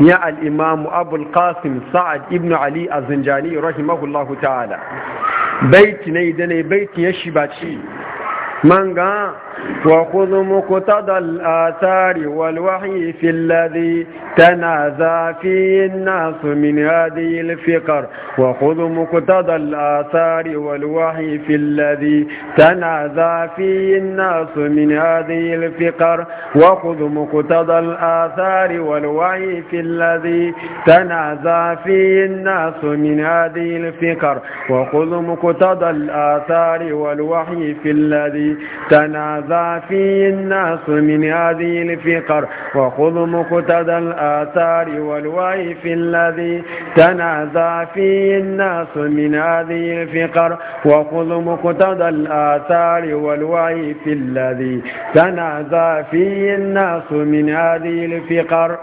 ya al'imamu abul qasim sa'ad Ibnu ali a zinjani rahimahullahu ta'ala baiti na idane baiti ya shi ba ci وخذ مقتضى الآثار والوحي في الذي تنازى فيه الناس من هذه الفقر وخذ مقتضى الآثار والوحي في الذي تنازى فيه الناس من هذه الفقر وخذ مقتضى الآثار والوحي في الذي تنازى فيه الناس من هذه الفقر وخذ مقتضى الآثار والوحي في الذي تنازى يرضى في الناس من هذه الفقر وخذ مقتدى الآثار والوائف الذي تنازى فيه الناس من هذه الفقر وخذ مقتدى الآثار والوائف الذي تنازى فيه الناس من هذه الفقر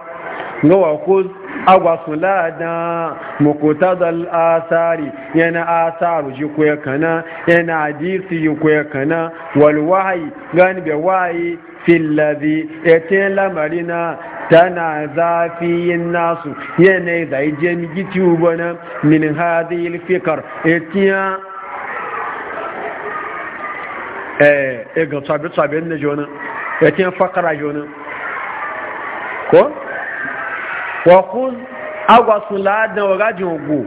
وخذ agwa suladan muqtadal asari yana asaru ji ko kana yana hadisi ji ko kana wal wahyi gani be wahyi fil ladhi etin lamarina tana zafiyin nasu yana da je mi giti ubana min hadhihi al fikr etiya eh ega tsabe tsabe ne jona etiya fakara jona ko Wakun kun agwasu ladan wa gajin ogo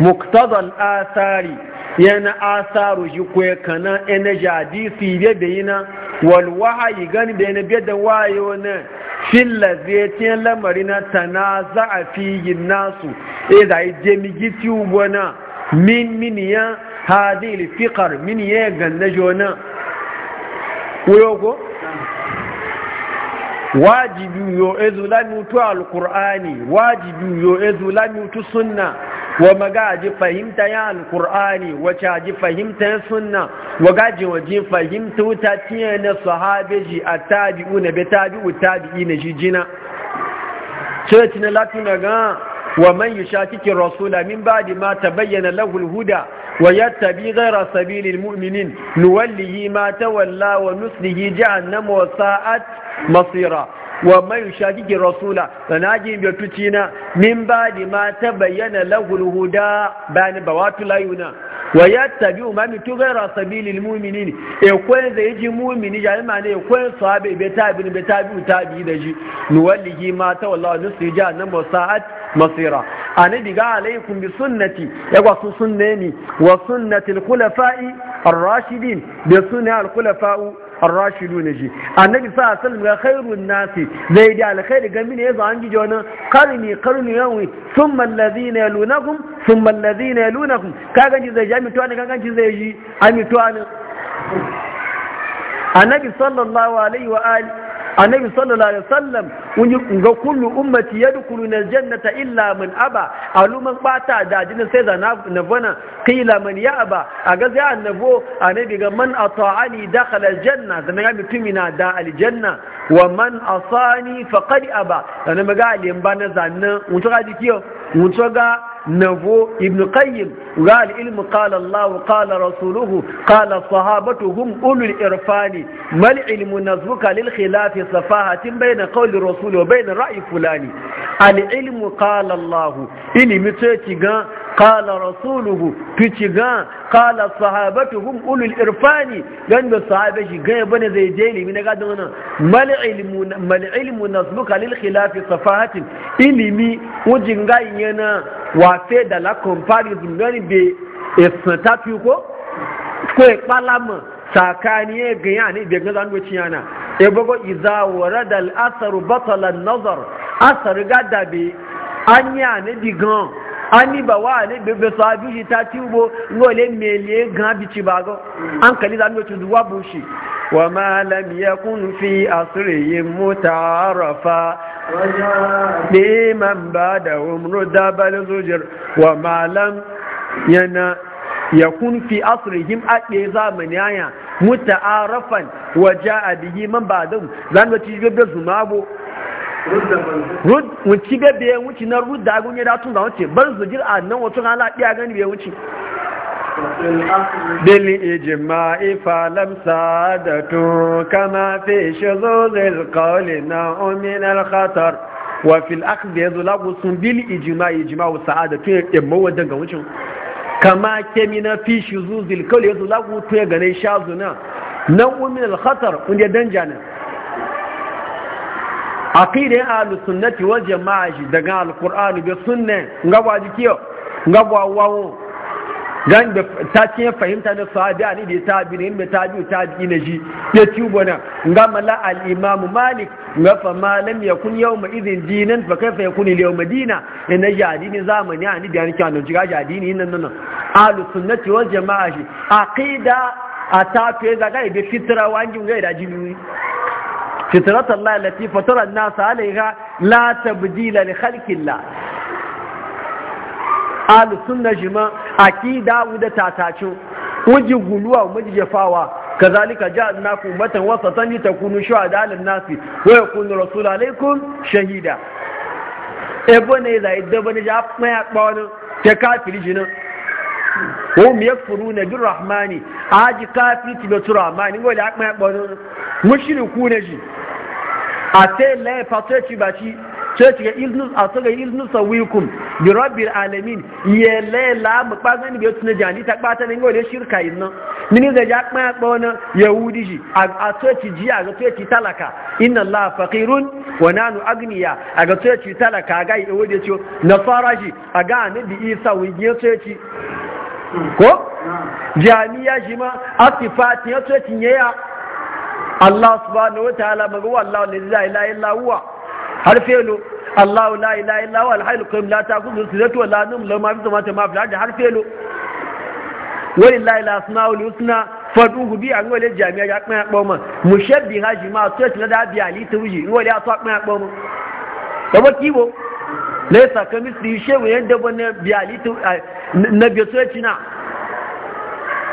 muktadal asari yana asaru shi kwe kana ene jadisi biya da yina wal wahayi gani da yana biya da wayo na filla zai lamari na tanaza a fiyin nasu e da yi jemigi tubo na min miniya fiqar min ya ganna wajibi yo ezu lamitu alkur'ani wajibi yo ezu lamitu sunna wa magaji fahimta ya alkur'ani wace chaji fahimta ya sunna wa gaji waje fahimta ta tiye na sahabeji a tabi'u na bai tabi'u tabi'i na jijina sai ga wa man rasu rasula min ba'di ma tabayyana lahu alhuda ويتبي غير سبيل المؤمنين نوله ما تولى ونسله جهنم وساءت مصيرا ومن يشاكك الرسول فناجي بيتوتينا من بعد ما تبين له الهدى بان بوات لا ينا wayattabi'u yattabi'u ma mitu ghayra sabilil mu'minin e kwen da yaji mu'mini ya ma ne e kwen sahabe be tabi'in be tabi'u tabi'i da ji nuwallihi ma ta wallahi nusi jahannam wa sa'at masira anabi ga alaikum bi sunnati ya e ga su wa sunnati al khulafa'i ar-rashidin bi sunnati al khulafa'u ar-rashidu ne shi annabi sa sallam ya khairun nasi zai da alkhairi ga mine yazo an gije wannan qarni qarni yawi thumma alladhina yalunakum thumma alladhina yalunakum kaga ji zai jami to ne kaga ji zai yi ami to ne annabi sallallahu alaihi wa alihi annabi sallallahu alaihi wasallam wani ga kullu ummati yadkhuluna aljannata illa man aba aluman bata da dinin sai da na bana qila man ya aba a ga sai annabo annabi ga man ata'ani dakhala aljanna da ga mutumina da aljanna wa man asani faqad aba da ga alim bana zanna mutaka dikiyo mutsoga navo ibn Kayyim, ga al-ilm qala Allah qala rasuluhu qala sahabatu hum ulul irfani mal ilmu nazbuka lil khilafi safahatin bayna qawli rasuli wa bayna ra'yi fulani al-ilm qala Allah ilmi tsaci ga qala rasuluhu tici ga sahabatu hum ulul irfani dan da sahabe shi ga zai je ilmi na gadan wannan mal ilmu mal ilmu nazbuka lil khilafi safahatin ilimi, wajin ga yana wafe da la comparison be esan tafi ko ko e palama sakani e ganya ne be ganan do ciyana e bogo iza asaru ne gan, ani ba wa ne be be sabi ta gan bi ci an zan ci bushi وما لم يكن في عصرهم متعارفا لمن بعدهم ردب الزجر وما لم ينا يكون في أصرهم أكي زمن يعني متعارفا وجاء به من بعدهم لأن تجيب زمابو rud wuci bebe wuci na rud da agun ya datun da wuce bar zujir a nan wato ala ɗiya gani bai wuci بالإجماع فلم سعادة كما في شذوذ القول نوع من الخطر وفي الأخذ يظلق بالإجماع إجماع سادة يموى ودنك وشو كما كمنا في شذوذ القول يظلق تيغن شاذنا نوع من الخطر ونجا دنجانا aqidin ahlus السنة والجماعة دقاء القرآن daga alqur'ani bi sunna ngaba jikiyo gan da ta ce fahimta na sahabi ani da tabi ne mai tabi tabi na ji ya tubo na ga mala al imam malik ga fa malam yakun yawma idin dinan fa kaifa yakun al yawma dina ina jadini zamani ani da yanki anan jiga jadini nan nan alu sunnati wal jamaa shi aqida atafe da ga be fitra wangi ga da jini fitrat allah lati fatara an-nas alaiha la tabdila li khalqillah alu sunna jima akida wuda tatacin wuji guluwa wuji jafawa kazalika ja'alnakum ummatan wasatan litakunu shuhada 'alan nasi wa yakunu rasul alaikum shahida ebo ne da dabo bane ja maya bawo ta kafiri jina hum yakfuruna rahmani aji kafiri ti biturahmani ngoli akmaya bawo mushriku ne ji te le patochi e baci. sai ci ga ilnus a su ga ilnus a wikum bi rabbil alamin ye lela mu kpaga ni betu na jani ta kpata ne ngole shirka inna mini ga ja kpa kpa na yahudi ji a so ci ji a ga so ci talaka inna allah faqirun wa nanu agniya a ga so ci talaka ga yahudi ci na faraji a ga annabi isa wiye so ci ko jami'a shi ma asifati ya so ci yaya Allah subhanahu wa ta'ala maga wallahu la ilaha illa huwa har felo Allah la ilaha illa huwa al al qayyum la ta'khudhu sinatun wa la nawm lahu ma fi samawati wa ma fil ardi har felo lillahi al-asmaul husna fadu bi an wale jami'a ya kan akpo ma mushabbi haji ma to ti da bi ali tuji wale ato kan akpo to ba kibo eh, laysa kamithli shay'un yanda ban bi ali tu nabi so tina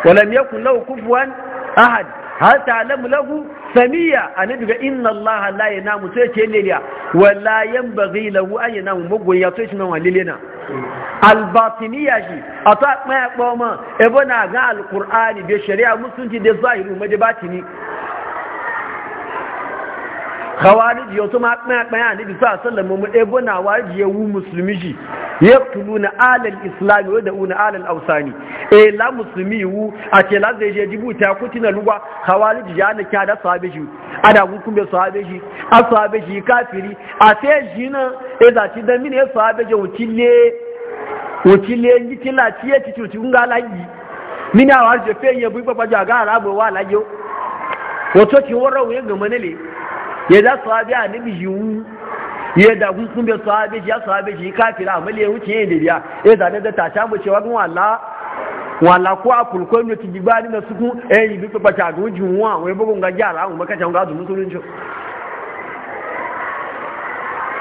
ولم yakun lahu kufuwan ahad هل تعلم له سميع أن يقول إن الله لا ينام سيكي ليليا ولا ينبغي له أن ينام مقوي يطيش نوع ليلينا الباطنية أطاق ما يقوم إبنا غا القرآن بشريع مسلم دي ظاهر ومدي باطني khawariji yau tuma ɗaya ɗaya ne bisa sallan mu ɗebo na wariji ya wu musulmi ji ya tulu na alal islami wadda una alal ausani e la musulmi wu a ce la zai je jibu ta kuti na lugwa khawariji ya na kyada sahabe shi ada hukun bai sahabe shi a sahabe shi kafiri a sai shi na e za ci dan mini ya sahabe shi wucile wucile yi kila ciye ci cuci kunga lagi mini a wariji fe yi ya bui babaja ga arabu wa lagi wato ci warra wuyan gama ne ya za su haɓe a nabi yiwu ya da kun bai su haɓe shi ya su haɓe shi kafira amma le wuce yin da ya zane da ta mu mace wani wala wala ko a kulkon da tiji ni na suku eh yi bi pata ga wujin wa wai bugun ga jara mu maka can ga zu musulunci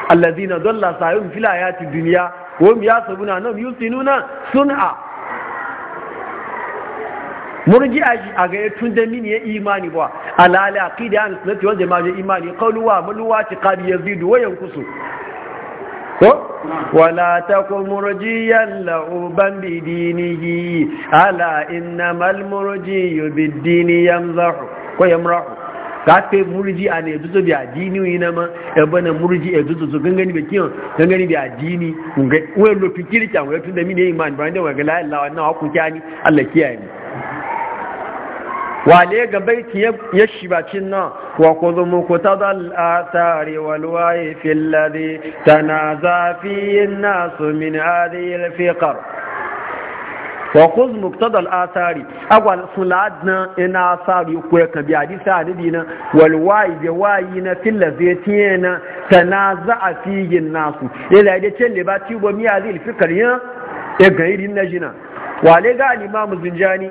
alladhina dalla sa'yum fil ayati dunya wa hum yasbuna annahum yusinuna sun'a murji a a ya tun da mini ya imani ba alala aqida an sunnati wal jama'a ya imani qalu wa ti wa yazidu wa yankusu ko wala takum murjiyan lahu ban bi dinihi ala innamal murjiyu bid dini yamzahu ko yamrahu ka ce murji a ne zuzu bi addini na ma ya bana murji e zuzu gangani be kiyon gangani bi addini ngai wai lo fikiri kan wai tun da mini imani ba ne wa ga la ilaha illallah wannan hakuki ani Allah kiyaye ni wale ga baiti ya shibacin nan wa ku ta ku ta zal'atari walwaye filade ta na zafiyin nasu min hadiyar fiƙar wa ku zumu ku ta re agwa sulad na ina sari ku ya kabi a disa adidi na walwaye da wayi na fillade tiye na ta na zafiyin nasu ila da ce le ba cibo miya zai fikar yin ya gairi na jina wale ga alimamu zinjani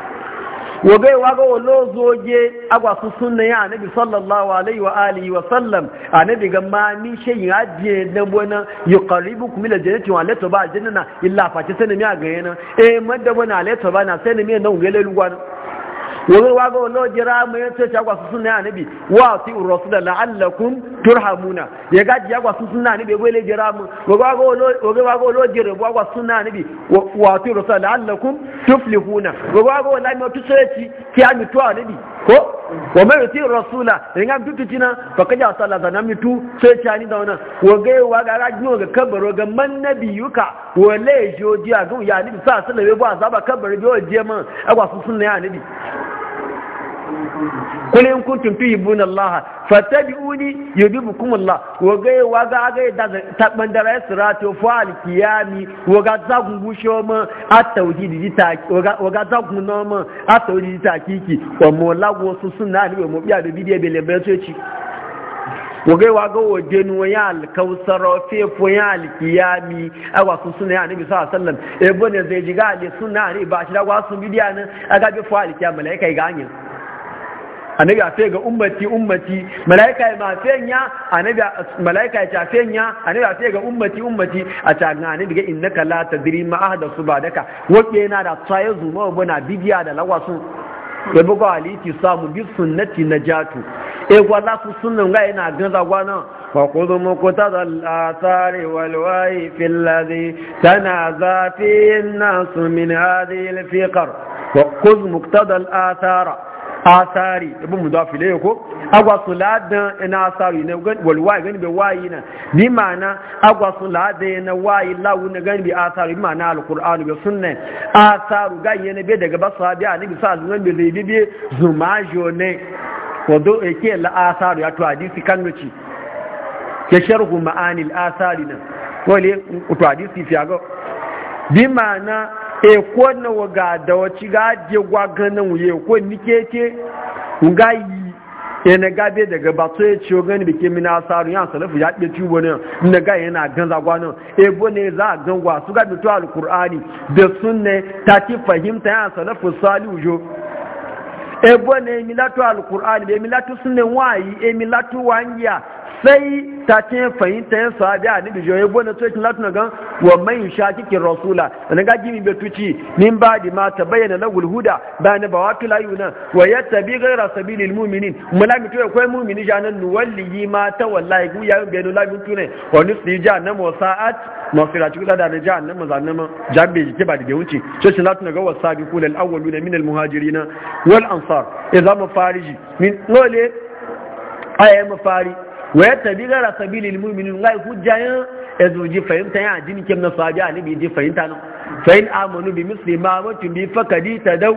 wagai e waga wa zoge agwa su sunna ya annabi sallallahu alaihi wa alihi wa sallam annabi ga ma ni shay ya je na bona yuqaribukum ila jannati wa ba tuba jannana illa fa ta a ga na eh madda bona la ba na sanami na ngele lugwan wani waga wannan jira mai yace ta gwasu sunna annabi wa si rasul la'allakum turhamuna ya gaji ya gwasu sunna annabi bai le jira mu waga waga waga wannan jira wa sunna annabi wa si rasul la'allakum tuflihuna waga waga wallahi mutu sai ki ki ami to annabi ko wa mai si rasula in eh, ga duk tina fa kaja asalla da namitu sai tani da wannan wa ga wa ga ga gino ga kabaro ga man nabiyuka wa la jojiya ga ya ni sa sallame ba za ba kabaro ga je man agwa sun sunna ya nabi kulin kuntum fi yibuna allaha fattabi'uni yubibukum allah waga waga ga da tabban da rai sirati fa alkiyami waga zagun gushe ma at-tauhid dita waga zagun no ma at-tauhid dita kiki wa molago su sunna ni mo biya do bidiye bele besoci waga waga waje nu ya alkausar fe fo ya alkiyami awa su sunna ya nabi sallallahu alaihi wasallam e bone zai jiga ali sunna ri ba shi da wasu bidiya na, aga bi fo alkiyami malaika ga anya annabi a sai ga ummati ummati malaika ma nya annabi malaika ta nya annabi a sai ga ummati ummati a ta ga annabi ga innaka la tadri ma ahda subadaka wake yana da tsaye zuma bana bidiya da lawasu ya buga aliti samu bi sunnati najatu e kwalla su sunnan ga yana ganza gwana فخذ مقتضى الآثار والوعي في الذي تنازى فيه الناس من هذه الفقر وخذ مقتضى الآثار asari ibn mudafi le ko agwa suladan ina asari ne walwa gani be wayi na ni mana agwa suladan na wayi lawu ne gani be asari bi mana alquran be sunna asaru ga yene be daga basabi ani bi alaihi zuwa be bi zumajo ne wado yake la asaru ya to hadisi kannoci ke sharhu ma'ani al asari na wale to hadisi fi ago bi mana E, ko na waga da wace ga je gwaganan wuye ko ke nga yi yana e, gabe daga bato ya e ciwo gani da ke mina asaru ya salafu ya ɗe ciwo ne na ga yana gan e ebo ne za a gan gwa su ga mutu alkur'ani da sunne ta ti fahimta ya salafu salihu jo ebo ne milatu alkur'ani be milatu sunne wayi e milatu wangiya sai ta ce fahimta yin sahabi a nabi joye bona to kin latuna gan wa man shakikin rasula dan ga gimi betuci min ba di ma ta bayyana na gulhuda bayana ba watu la yuna wa yattabi ghayra sabilil mu'minin mulami to akwai mu'mini janan nuwalli ma ta wallahi gu ya be no labin tune wa nusi jahannam wa sa'at masira ci da da jahannam zannam jambe ke ba da wuce to kin latuna ga wasabi kulal da min al muhajirin wal ansar idza mafariji min lole ayi mafari ويتبغى سبيل المؤمنين لا يفجعن ازوجي فهمت يعني دين كم نصاجا اللي بيدي فهمت انا فان امنوا بمثل ما امنتم به فقد اهتدوا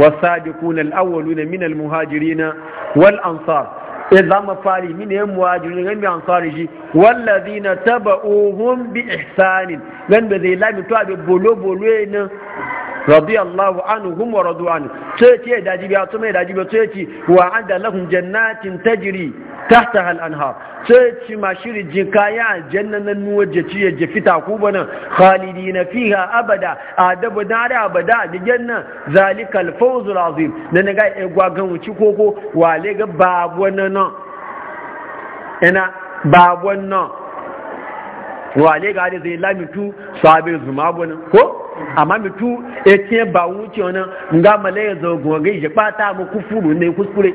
والصادقون الاولون من المهاجرين والانصار اذا ما فالي من المهاجرين غير الانصار جي والذين تبعوهم باحسان لان بذي الله بتوع بولو radiyallahu anhum wa radu an daji ce da jibi to mai daji jibi sai ce wa anda lahum jannatin tajri tahtaha al-anhar sai ce ma shiri jikaya jannanan nuwaje ci ya jifita ku bana khalidina fiha abada adabu dare abada da janna zalikal fawzul azim nan ga egwa gan wuci koko wale ga babu nan. ina babu nan. Wa wale ga da zai lamitu sabe zuma bana ko amma mutu ya ce ba wuce wani nga ya zo gogai ya bata mu kufuru ne kuskure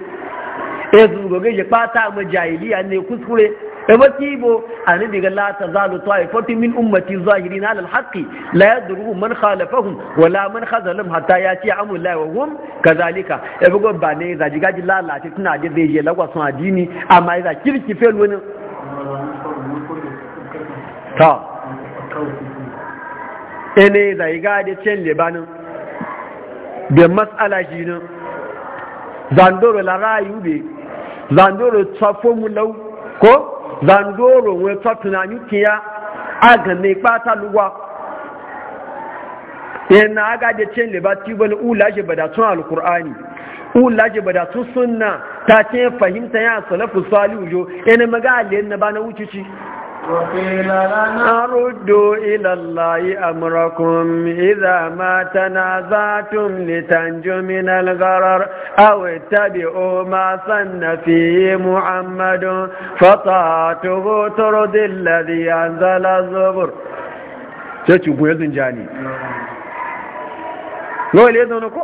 ya e zo gogai ya bata mu jahiliya ne kuskure ya e ba kibo annabi ga la yi e fati min ummati zahirin lal alhaqi la yadru man khalafahum wala man khazalum hatta ya amru la wa hum kazalika ya bugo ba ne zaji gaji lalace tana da zai je lagwa sun addini amma ya kirki fel wani ta ene zai gade cin libanin da matsala shi ne zandoro la rayu be zandoro tsafo mu lau ko zandoro we ta tunani kiya aga ne kpata luwa yana aga da cin libati bal ula shi bada tun alqur'ani ula shi bada tun suna ta ce fahimta ya salafu salihu jo yana maga na bana wucici أردوا إلى الله أمركم إذا ما تنازعتم لتنجوا من الغرر أو اتبعوا ما صن فيه محمد فطاعته ترضي الذي أنزل الزبر تشوفوا يزن جاني نقول يزنكو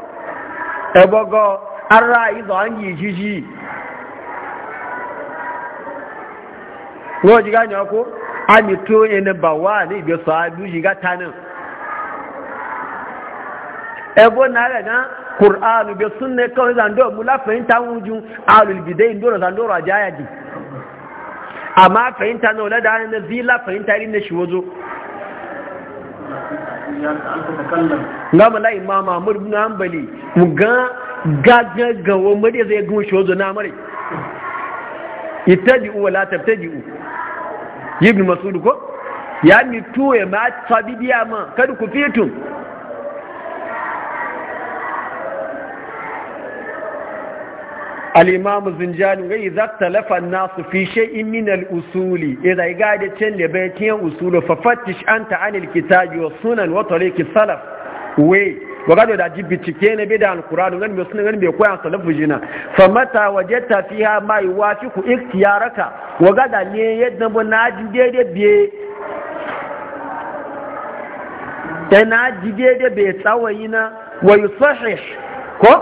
أبقى الرأي ضعني جيجي wọ́n jí gáyìn ọkọ́ a mi tó ẹni bà wà ní ìgbẹ̀sọ̀ àdújì gáta náà ẹgbọ́n náà rẹ̀ náà kùránù bẹ súnnẹ kọ́rin zandó mú láfẹ̀yìntà ń ju alùbìdẹ́ ìdúró zandó rọ̀ àjá yàjì àmá fẹ̀yìntà náà lẹ́dà ní zí láfẹ̀yìntà rí ní ma gámàlá ìmá mahmud bin hanbali mu gan gagagawo mọ́dé zai uwa ibn masud ko ya ni tuwe ma tabidiya ma ku fitun al'imamu zinjani gai za ta lafa nasu fi shai'in minal usuli idan ya gada can da bai tiyan usulu fafattish an ta'anil kitabi wa sunan wata rikin salaf wagado da ji bincike na bai da alkur'ani gani mai suna gani mai koya salafu jina fa mata wajetta fiha ma yuwafiqu ikhtiyaraka wagada ne yadda bu na ji daidai biye da na ji daidai be tsawayi na wa yusahih ko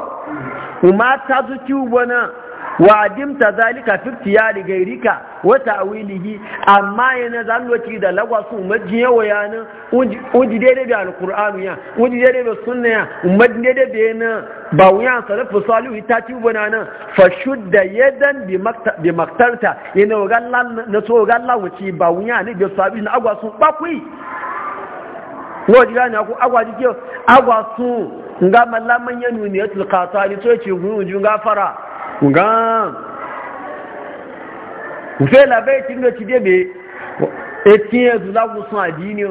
umma ta zuci wana wa dimta zalika fi tiyari gairika wa ta'wilihi amma yana zalwaci da lagwasu ummaji yawa yana uji daidai da alqur'anu ya uji daidai da sunna ya ummaji daidai da yana ba wuya salafu salihu ta ci bana nan fa shudda yadan bi maktarta yana galla na so galla wuci ba wuya ne da sabi na agwasu bakwai wajen gane ku agwaji ke agwasu nga malaman yanu ne ya tulkata ne so ya ce gunu nga gafara nga nfe labai ti ndo ti debe etin yanzu za ku sun adini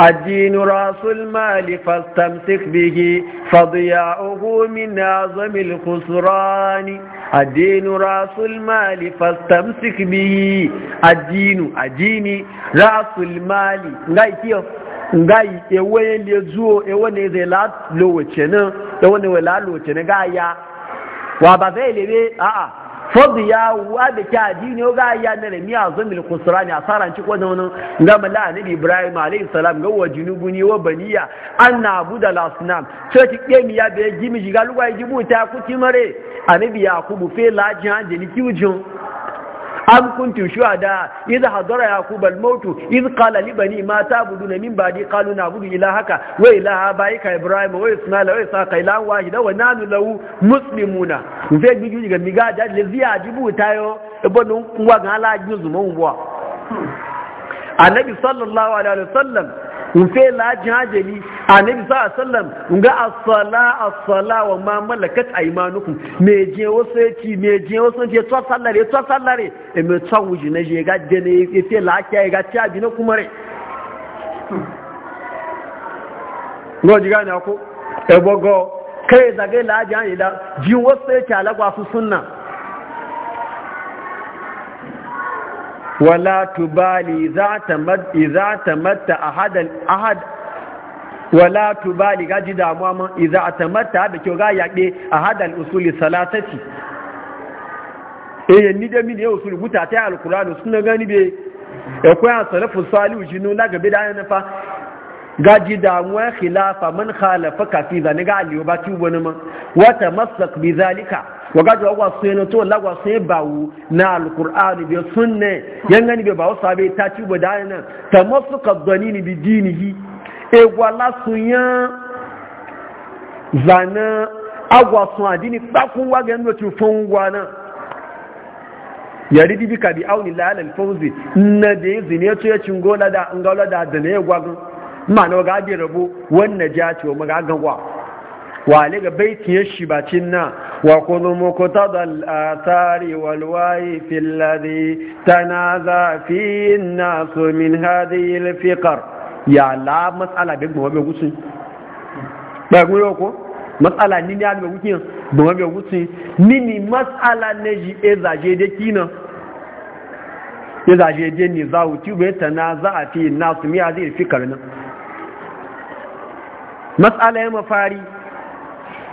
الدين راس المال فاستمسك به فضياؤه من أعظم الخسران الدين راس المال فاستمسك به الدين الدين رأس المال ngai kiyo ngai ewe lezuo ewe ne zelat lo wechena ewe ne wela lo wechena ga ya wa ba zai lebe a'a fadu ya wa da kya dini ga ya na rami a kusura ne a saran ci kwanan wani ga mala nabi ibrahim alayhi salam ga wa ni wa baniya an na abu da lasnam so ki kemi ya bai gimi shiga lugwa ya jibu ta kuti mare annabi yakubu fe lajin hanjeli kiwujin am kuntum shuhada idh hadara yaqub al maut idh qala li bani ma ta'buduna min ba'di qalu na'budu ilahaka wa ilaha baika ibrahim wa isma'il wa isaqa ilahan wahida wa nanu lahu muslimuna nze giju ga miga da le zia jibu tayo ebo nun wa ga ala juzu mo annabi hmm. sallallahu alaihi wasallam wufe lajin hajjali a nabi sa sallam ga asala asala wa ma malakat aimanukum me je wasu yaki me je wasu je to sallare to sallare e me to wuji na je ga de ne e fe lakiya e ga ta bi na kuma re ngo jiga na ko e bogo kai la, lajin hajjali ji wasu yaci alagwa su sunna ولا تبالي إذا تمت إذا تمت أحد أحد ولا تبالي gaji damuwa man idza atamatta da kyau ga yaƙe a hadal ni da mini usuli buta ta suna gani be ya koya salafu salihu jinu gabe da yana fa gaji damuwa khilafa man khalafa kafi zane ga aliyu ba ci wani ma wata masak bi zalika wa gaji wa sai na to lagwa sai bawu na alqur'ani bi sunne yan gani be bawo sabe ta ci ba da nan tamassuka dhanini bi dinihi e wala sunya zana agwa sun adini takun wa ga ndo ci fon gwana yari dibi ka bi auni lalal fawzi na de zine to ya cingola da ngaula da da ne gwagun mana ga abin rabu wannan ja ce wa magagawa wa wale ga baitin ya shi bacin na wa kudu mukuta da al'asari walwayi ta na zafi na so min hadi ilfikar ya la matsala bai gbama bai gutsun ɓagun yau ko matsala ni ni bai gutsun gbama bai gusi ni ni matsala na ji e zaje da kina ya e zaje da ni za bai ta na a fi na su miya zai ilfikar nan matsala ya mafari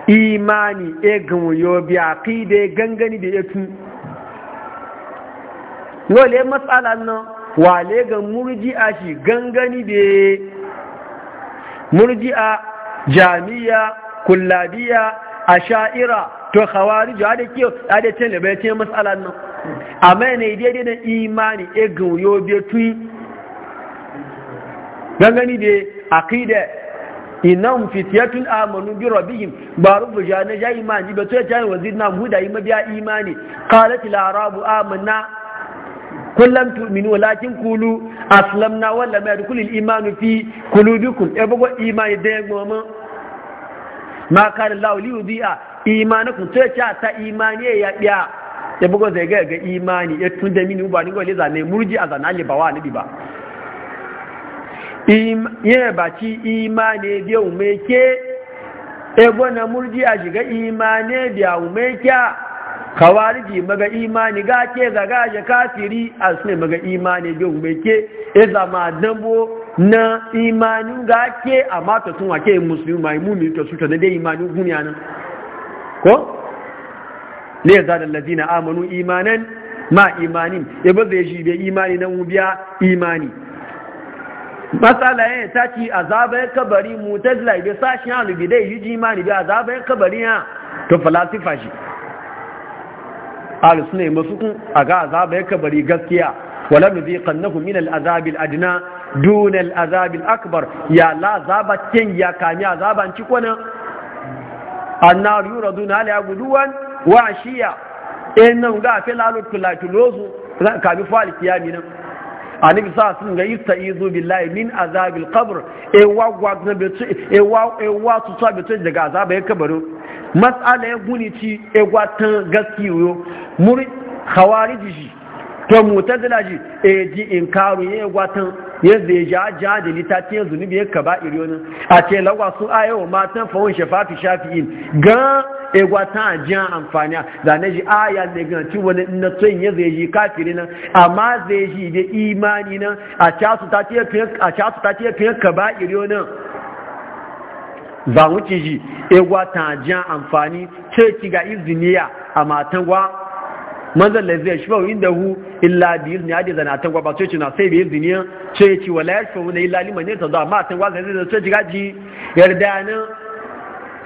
imani e gamuyo bi aqide gangani da yatu wale matsala nan wale ga murji a shi gangani da jamiya, jami'a a sha'ira, to khawarij da kiyo da tin da ce matsala nan mai ne daidai na imani e gamuyo bi tu gangani da aqide inam fitiyatun amanu bi rabbihim baru bujana jayi ma ji beto jayi na huda yi mabiya imani qalat al arabu amanna kullam tu'minu walakin qulu aslamna wa ma yadkhulu al iman fi qulubikum e bogo imani de gomo ma kana law li yudi'a imanakum to ja ta imani e ya biya e bogo zai ga ga imani ya e tunda mini ubani le zane murji azana le bawa nabi ba yin baci imane biya umeke ebo na murji a shiga imane biya umeke kawariji maga imani ga ke zaga ya kafiri a sune maga imani biya umeke ya e zama dambo na imani ga ke a mata sun wake musulmi mai mumi ta suta da dai imani guniya nan ko ne za da lazina amanu imanan ma imanin ya ba zai shi bai imani na mu biya imani matsala ya ta a azabar kabari mutazila bai sashen alubi dai yi jimani a azabar kabari ya to falasifa shi alisu yi masu kun a ga a azabar kabari gaskiya wala mu zai kannahu min al'azabil adina duna al'azabil akbar ya la zaba kin ya kami azaban ci kwanan annar yura duna ala guduwan wa shiya in nan ga fi lalutu latulozu kami fa'al nan annabi sa sun ga izu billahi min azabil qabr e wa gwagna daga azaba ya kabaru matsala ya e guni ci e gwatan gaskiyo muri jiji to mutazila ji e ji inkaru ya gwatan yadda ya ja jadili ta ce zunubi ya kaba iriyonin a ce lagwa sun ayawa matan fawon shafafi shafi'in gan egwa ta amfani a zane ji aya ne gan ci wani na tsoyin ya zai ji kafiri nan amma zai ji da imani nan a casu ta ce fiye kaba iriyonin ba wuce ji egwa ta jiyan amfani ce ki ga iziniya a matan wa manzan da zai shi bawin da hu illa biyar ne adi zana tan gwaba sai na sai biyar duniya sai ci wala ya shi wani illa lima ne ta zuwa ma tan gwaba zai zai ci gaji yarda nan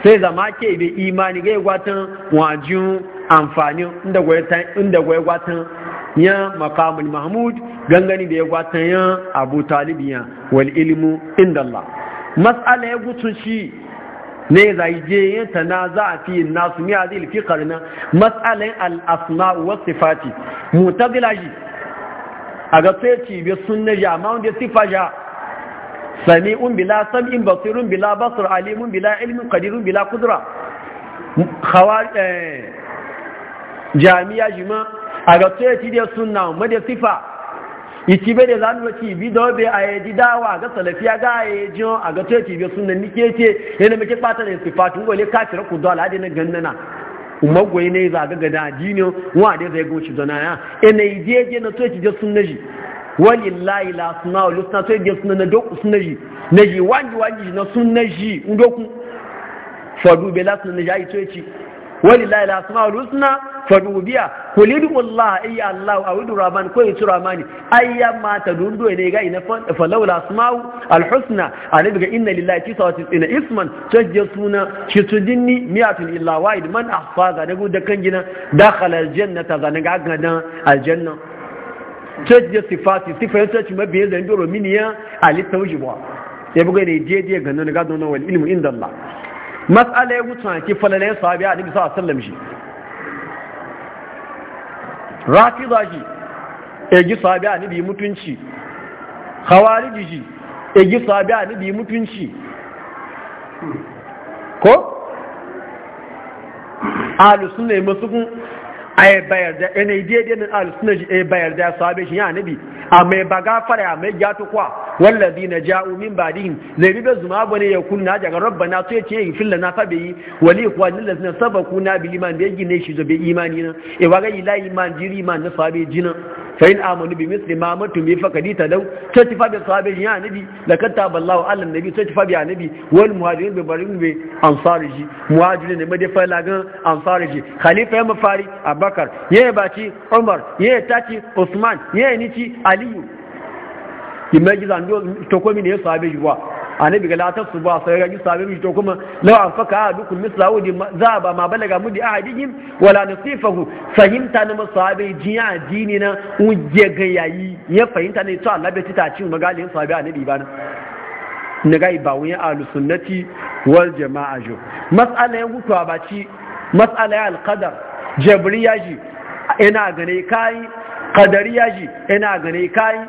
sai zama ke bi imani ga gwatan wajin amfani inda gwai gwatan ya makamul mahmud gangani da ya gwatan ya abu talibiya wal ilmu inda Allah mas'ala ya gutsun shi ne zai je yin a fi nasu miya zai al-fiqh na mas'alan al-asma wa sifati mu'tazila A ga sai cibiyar bi sunna ja ma wanda sifa ja sami'un bila sam'in basirun bila basr alimun bila ilmin qadirun bila kudura. khawar eh, jami'a jima ga sai cibiyar da sunna ma da sifa iki bere da mu wace bi do be a di dawa ga salafiya ga a yaji a ga to tv e sunan ke ce yana muke fata da sifatu ko ka kafira ku dole adina gannana umma goyi ne za ga gada dino wa da zai go shi zana ya ina ije je na to tv e sunan ji walillahi la sunna wa lusna to tv e sunan na doku sunan ji na ji wanji wanji na sunan ji ndoku fadu be la sunan ji ai to tv walillahi al-asma'ul husna fadu biya kul idullah ay allah aw idu rahman ko yitu rahmani ayya ma tadundu ne ga ina fa law al-asma'u al-husna anabi ga inna lillahi tisawati ina isman tajja suna kitudinni mi'atun illa wahid man ahfaza daga da kan gina dakhala al-jannata zan ga gadan al-janna tajja sifati sifati tajja mabiyan da ndoro miniya alitawijiba sai buga ne je je ganan ga don wal ilmu inda allah matsala ya wuce ke falalayen sahabi a nabi sallam shi rafi zaji egi sahabi a nabi mutunci hawariji shi egi sahabi a nabi mutunci ko alusun ne masu kun ai bayar da ina daidai nan al sunna ji ai bayar da sahabe shi ya annabi amma ba gafara amma ya gato kwa na ja'u min ba'dihim zai ribe zuma bane ya kunna daga rabbana to ce yi filla na fa bi wali kwa na ladina sabaquna bil iman da gine shi zo be imani na e waga ila iman jiri iman na sahabe jina fa in amanu bi misli ma mutum bi fakadi dau to tifa fabe sahabe ya annabi lakat taballahu ala annabi to fabe ya nabi wal muhajirin bi barin bi ansariji muhajirin ne ma da fa lagan ansariji khalifa ya mafari abba abubakar ya baci umar ya taci usman ya nici aliyu kimai mai zando to tokomi ne ya sabi ji wa annabi ga latar su ba sai ragi sabi ji tokomi kuma law an faka dukkan misla udi za ba ma balaga mudi ahadihim wala na sifahu fahimta na masabe ji ya dini na uje ga yayi ya fahimta ne to Allah bai ta cin magalin a annabi ba na na gai ba wuyan ahlus wal jamaa jo Matsala ya gutuwa ba ci matsala ya al ya ji ina gane kayi kadari ya ji ina gane kayi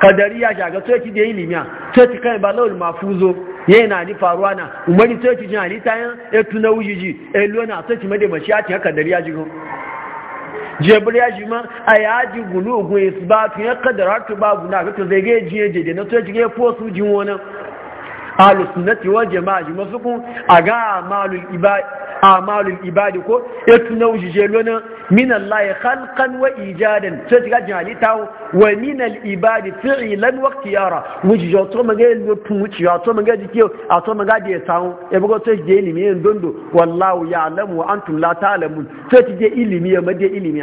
kadari ya shi ga tsoki da ilimiya tsoki kai ba lawul mafuzo yayi na ni faruwa na umari tsoki jin alita yan e tuna wujiji e lona na tsoki made bashi a kadari ya ji go ya ji ma ayaji gulu go isbatu ya kadaratu ba guna ga to zai ga ji je jeje na tsoki ga fosu jin wona ahlus sunnati wal jamaa ji masukun aga malul ibad amalul ibadi ko ya tuna ujije lona min Allah ya khalqan wa ijadan sai tiga jali tawo wa min al ibadi fi'lan wa ikhtiyara wujije to maga lo tuci ya to maga dikio a to ma da ya samu bugo to je ilimi en dondo wallahu ya'lamu wa antum la ta'lamun sai tije ilimi ya made ilimi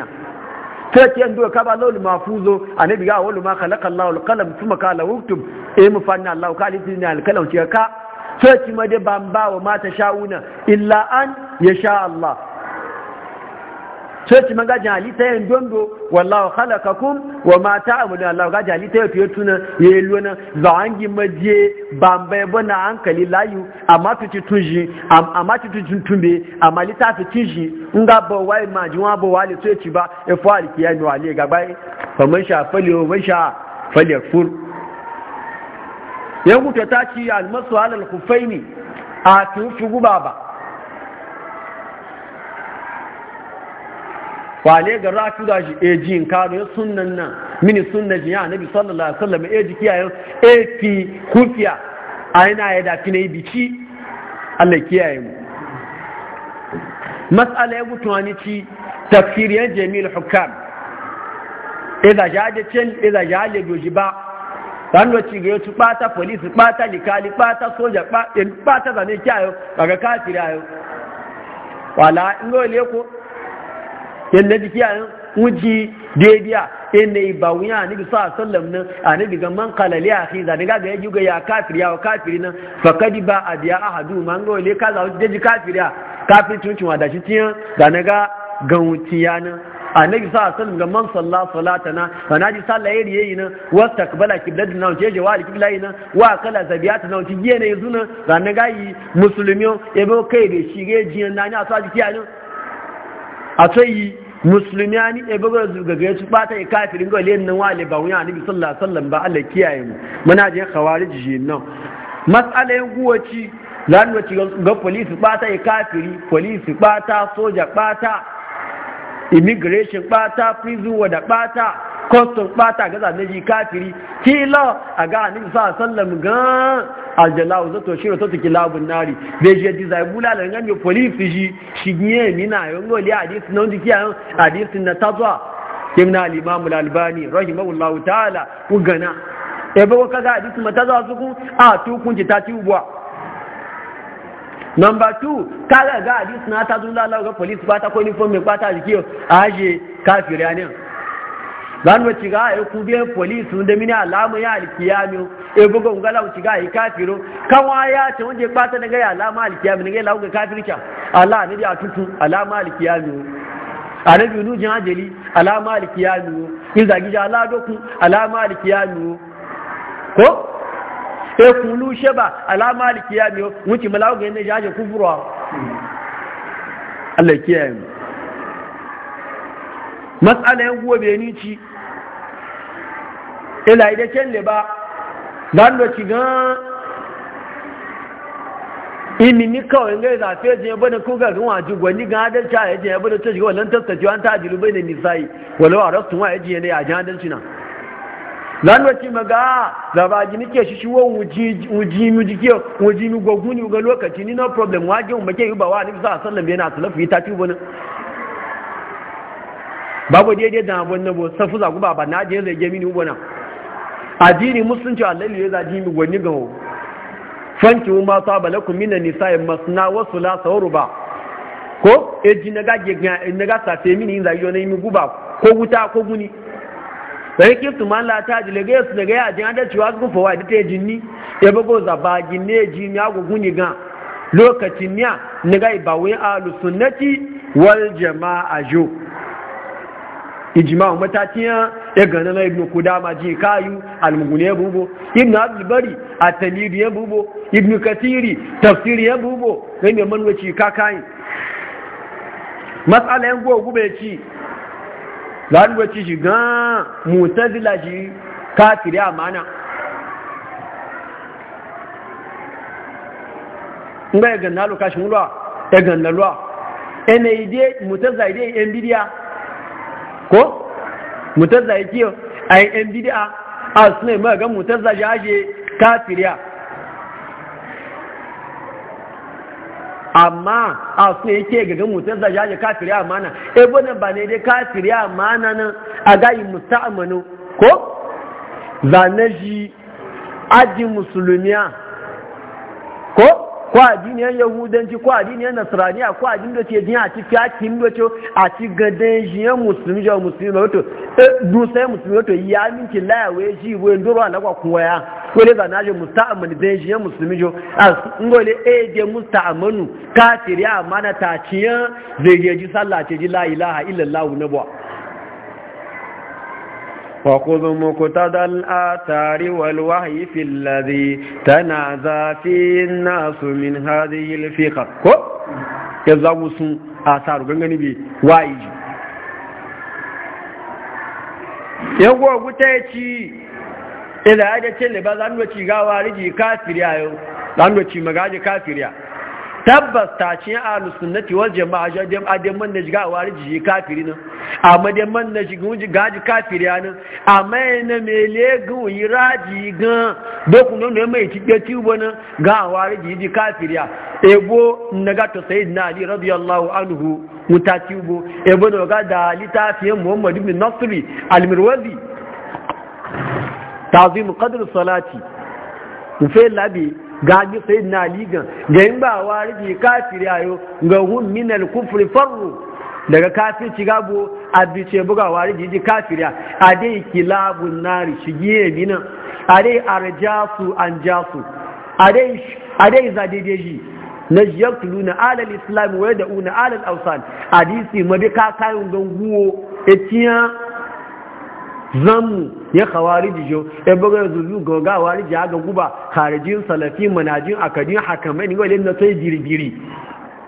sai ke ndo ka ba lawul mafuzo annabi ga wal ma khalaqa Allahu al qalam thumma qala uktub e eh, mu fanna Allahu ka al kalam ka sai ma dai ban ba wa mata sha'una illa an ya sha Allah sai ma gajin halitta yin dondo wallahu khalaqakum wa ma ta'maluna Allah gajin halitta ya tuye tuna ya yi lona za an gi maje ban bai bana hankali layu amma tuci tunji amma a tuntumbe amma litafi tunji in ga ba yi ma wa ba wali ci ba e fa alkiyami wali ga bai sha fali wa sha fur ya guta ta ci almasu halal ne a tufi guba ba wale ga rafi da shi eji eh, in karo ya sunan nan mini sunan jiya na nabi sallallahu alaihi wasallam eji eh, kiyaye efi eh, kufiya a yana ya dafi na ibici Allah kiyaye mu matsala ya gutu wani ci tafsiriyar jami'ul hukam idza jajacin idza jaje doji ba wanda ci ga yotu pata polisi pata likali pata soja pata zane kyayo daga kafiri ayo wala ngo le ko yanda jiki ayo wuji dediya inna ibawuya ni bi sallallahu alaihi wasallam anabi diga man qala li akhi da daga ga yuga ya kafiri ya kafiri nan faqad ba adiya ahadu man ngo le kaza wuji kafiri ya kafiri tun tun wada shi tiyan da naga gawutiya nan annabi sa sallam ga man salla salatana fa naji salla yayi yayi na wa takbala qiblatun na je jawali qiblayi na wa kala zabiyatu na ji na yuzuna ga na gayi musulmiyo e bo kai da shige jiyan na ni asaji kiyani a tsayi musulmi e bo ga zuga ga su bata kafirin ga len nan wale ba wuya annabi sallallahu alaihi wasallam ba Allah kiyaye mu muna je khawarij jin nan mas'alai guwaci lan wace ga police bata kafiri police bata soja bata immigration ɓata prison wada ɓata custom ɓata ga zanaji kafiri kila a ga hannun sa sallam gan aljalawu zato shirin ta tuki labun nari da ya ji zai bula da gami polisi shi shigiye mina yawon goli hadisi na wanda kiyayen hadisi na tazwa kimna alimamu albani rahimahullahu ta'ala ku gana ebe kaga hadisi mata tazwa su ku a tukun ta ci ubuwa number two kaga ga hadis na ta zo Allah ga police ba ta ko uniform mai bata jiki aje kafira ne dan ci ga ai ku biye police da mini alama ya alkiyami e buga ngala ci ga ai kafiro kan waya ce wanda bata daga ya alamu alkiyami ne lawo ga kafirka Allah ne da tutu alamu alkiyami anabi nu jin ajeli alamu alkiyami in zagi ja Allah doku alamu alkiyami ko e kulu sheba alama alkiya miyo wuce malawu ga yana jaje kufura Allah kiyaye mu matsala yan guwa beni ci ila ida kelle ba dan do ci ga imi ni kawai ga za fe je bane ko ga ruwa ji gwani ga adal cha ya je bane to ji wannan tattaci an ta ajilu bai ne nisai walau arastu wa ya je ne a jan adalci na lanoci maga zaba ji nike shi shi won wuji mu jike wuji mu gogu ni ga lokaci ni no problem Wa waje mu make yi ba wa nabi sallallahu alaihi wasallam yana salafu yi tati bonin babu daidai da abun nabo safu za guba ba na je zai je mini ubona addini musulunci Allah ne za ji mi gwani ga ho fanki mu ma saba lakum minan nisa'i masna wa thulatha wa ruba ko eji naga je ga naga sa fe mini za yo na mi guba ko wuta ko guni sai kiftu man la ta gaya su daga ya jin adalci wa gufa wa dita jinni ya bago zaba ginne ni? ya guguni ga lokacin ya ni ga ba wai alu sunnati wal jama'a jo ijma matatiya ya gana na ibnu kudama ji kayu almuguni ya bubo ibnu abdulbari at-tamiri ya bubo ibnu katiri tafsiri ya bubo sai ne manwaci kakayi mas'ala yan go gube ci lálùwẹ̀tí ṣùgbọ́n mùtẹ́sílà ṣe káàkiri àmàna ngbẹ́ ẹ̀gànnà alùkàṣùn lọ́wọ́ ẹ̀gànnà lọ́wọ́ ẹnẹ ìdí mùtẹ́sílà ìdí ẹ̀mbídíà kó mùtẹ́sílà ìdí ẹ̀mbídíà àṣìlẹ̀ mọ́ ẹ̀gán mùtẹ́sílà ṣe káàkiri à amma a su yake gaga mutum da jaje kafiri amana ebo bane ba ne dai kafiri amana nan a gayi musta'amanu ko zane aji musulmiya ko ko adiniyar yahudanci ko adiniyar nasraniya ko adin da ke din a ci fiyakin da a ci musulmi eh, musulmi wato ya ji ya kole za na je musta'amani zai shi ya musulmi jo a ngole e je musta'amanu kafir ya mana ta ciya zai je ji sallah ce ji la ilaha illa allah na bo wa khudhu muqtada al athari wal wahyi fil ladhi tanaza fi an-nas min hadhihi al fiqh ko ya za musu asar gangani bi wayi yan gwagwuta ci ila ya ga ne ba za mu ci gawa riji kafiriya yau za mu ci magaji kafiriya tabbas ta ce a sunnati wal jama'a ja dem adem man naji gawa riji kafiri nan amma dem man naji gunji gaji kafiriya nan amma yana me le gun yi ga doku nan ne mai tike tubo nan gawa riji kafiriya ebo naga to sayyidina ali radiyallahu anhu mutatibo ebo naga da litafiyan muhammad ibn nasri al-mirwazi ta'zimu qadr salati in fe labi ga ji sai na liga ga in ba wa rige kafiri ayo ga hun min al kufri farru daga ci gabo abice buga wa rige ji A dai kilabun nari shigiye bina dai arjasu anjasu ade dai zadedeji na na alal islam wa yad'una alal awsan hadisi mabi ka kayan ganguwo etiyan zamu ya khawariji jo e boga zuzu go ga guba kharijin salafi manajin akadin hakamai ne wale na sai girgiri e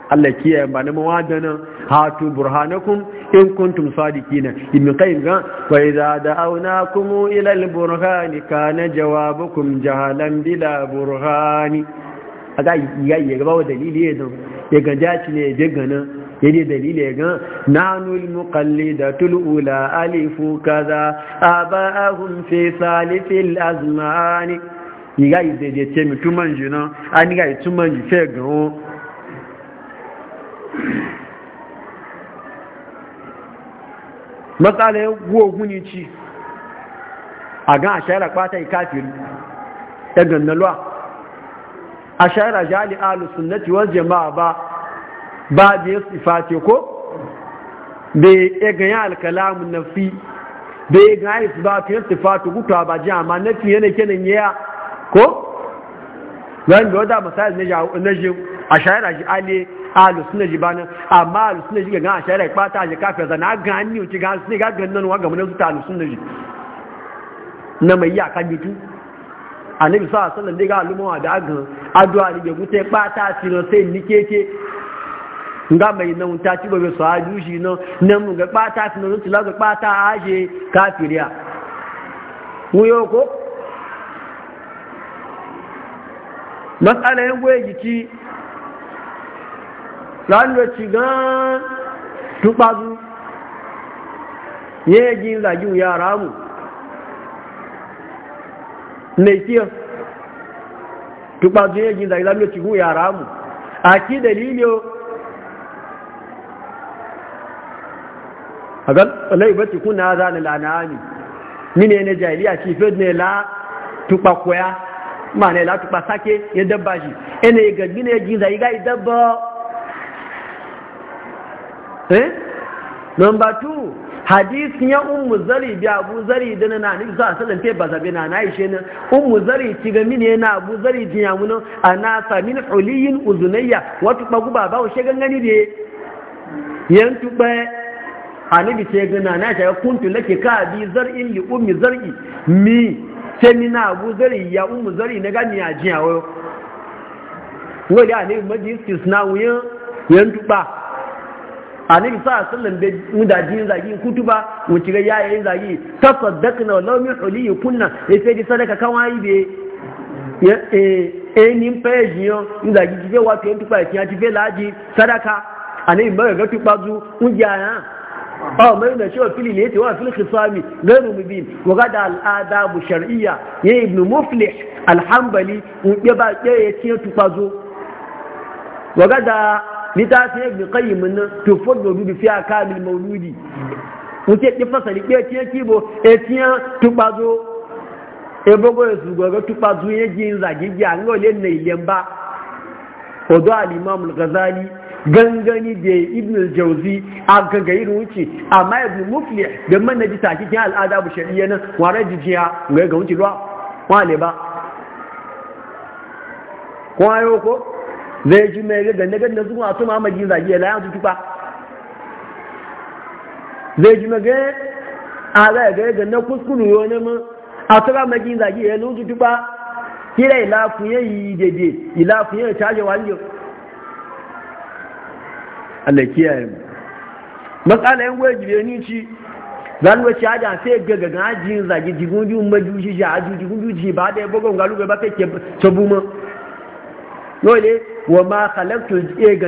Allah kiyaye ba na mawadana hatu burhanakum in kuntum sadiqina ibn qayyim ga wa idza da'awnakum ila al-burhan kana jawabukum jahalan bila burhani aga yayi ga ba dalili ya don ya ga dace ne ya gana Yadi dalile gan nanul muqallidatul ula alifu kaza aba'ahum fi salifil azmani iga izede temi tuman jina aniga ituman ji fe gan matsala wo ogun ni ci a gan a shayar kwata ikafir ya ganna luwa a shayar jali alusunnati jama'a ba ba da ya ce ko da ya ganya alkalamu na fi da ya ganya isbatu ya sifatu gutuwa ba ji amma na fi yana kenan ya ko zan da wadda masayar na ji a shayara shi ale alu suna ji bana amma a suna ji gangan a shayara ya kpata ji kafin zana gani wuce su ne ga ganin nan gamu na zuta alu suna ji na mai yi a kan yutu a nabi sa sallan da ga alumawa da agan adu'a ne ga gute kpata shi na sai ni keke nga mai nan ta ci babe su haju shi nan nan ga bata su nan su lagu bata haje kafiriya wuyo ko ci gan tukpazu ye ji zagi ya ramu ne kiyo tukpazu ye ji zagi ranar ci gun ya ramu a ki dalilin agar laibati kuna za na lanani mine ne jahiliya ci fed ne la tupa koya ma ne la tupa sake ya dabba shi ene ga ya ji za ga dabba eh number 2 hadisi ya ummu zari bi abu zari din na ni za sallan te bazabe na na ishe ne ummu zari ci ga ne na abu zari din ya mun ana sa min huliyin uzunayya wato bagu baba o she gangani de yan tuba hanibi ce gana na shaga kuntun lake ka bi zar'in li ummi zar'i mi ce ni na abu zar'i ya ummu zar'i na gani a jiya wayo wani hanibi majistis na wuyan yan tuba hanibi sa sallan da mudaji zagi kutuba wuce ga yayin zagi ta saddakna walau min huliyi kunna ya sai di sadaka kan wayi be ẹni fẹ́ yíyan ìdàgí ti fẹ́ wá fi ẹ́ tupa ìfihàn ti fẹ́ láàájí sádàkà àní ìmọ̀ ẹ̀gẹ́ tupa ju oúnjẹ àyàn aw mai na cewa fili ne yace wa fil khisami ghairu mubin wa gada al adab shar'iyya ya ibn muflih al hanbali ya ba ya ce tukwazo wa gada litafi ibn qayyim na tufaddu bi fi akamil mawludi wuce ki fasali ke ce kibo e tiya tukwazo e bogo su gogo tukwazo ye jin zagi ya ngole ne ilemba odo al imam al ghazali gangani da ibn al-jawzi a ga irin wuce amma ibn mufli da man naji takikin al'ada bu shari'a nan ware jijiya ga ga wuce ruwa wale ba kwayo ko zai ji mai ga na ganin zuwa su mamadi zagi ya layan su tuba zai ji mai ga a zai ga ga na kuskuru yo ne mu a su mamadi zagi ya layan tuba kira ila fuye yi dede ila fuye ta je wani Allah kiyaye mu matsala yan goye jibe ni ci zan wace haja sai ga ga jin zagi jigun ju majuji ja aju jigun ju ji ba da bugun galu ba ta ke tabuma dole wa ma khalaqtul e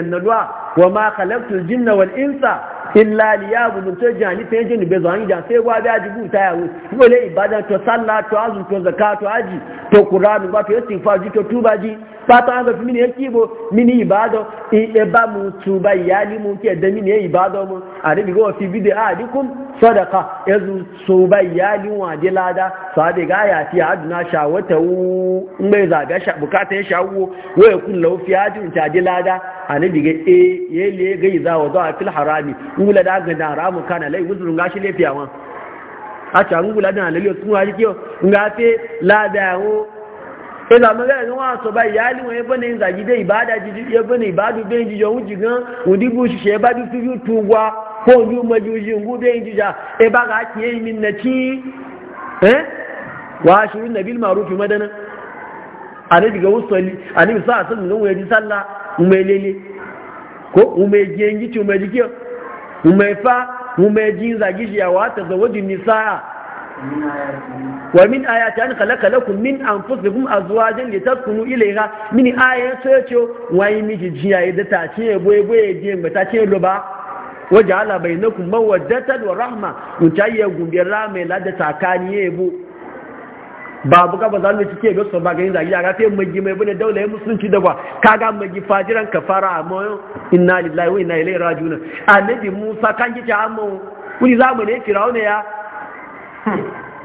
wa ma khalaqtul jinna wal insa illa ya mun sai jani sai jini be zani da sai gwa da jibu ta yawo wole ibadan to sallah to azu to zakat to aji to qur'an ba to istighfar ji to tuba ji ba ta ga mini yake bo mini ibado in e ba mu tuba yali mu ke da mini ibado mu a da go fi bidi ah, a dikum sadaqa yazu e tuba yali wa de lada sa de ga ya ti aduna shawata u mai e zaga bukata ya shawo wa e yakun lafiya ajin ta de lada annabi diga e yele gai za wa za fil harami ngula da ga haramu kana lai wuzurun gashi lafiya ma a ta ngula da lalle tun wa Nga ngafe la da wo e da maga ga wa so ba yali wa yabo ne zagi dai ibada ji yabo ne ibadu be ji yon ji gan udi bu shi she ba du tu tuwa ko ju ma ju ji ngu be ji ja e ba ga ki min na ci eh wa shirun nabil ma'ruf madana annabi ga usali annabi sa sallallahu alaihi Sallah? umelele ko umeje ngici umejikiyo umefa umejinza gishi ya wata zawajin nisaa wa min ayati an khalaqa lakum min anfusikum azwajan litaskunu ilayha min ayati socho wa imiji jiya yadda ta ce a boye je mata ce loba wajala bainakum mawaddatan wa rahma mutayyagun bi rahma la da takani yebo babu ka ba za mu cike ga sun ba zagi ga sai magi mai bane daula musulunci da ba kaga magi fajiran a amma inna lillahi wa inna rajuna a nabi Musa kan gice amma kuni ne ya wani ya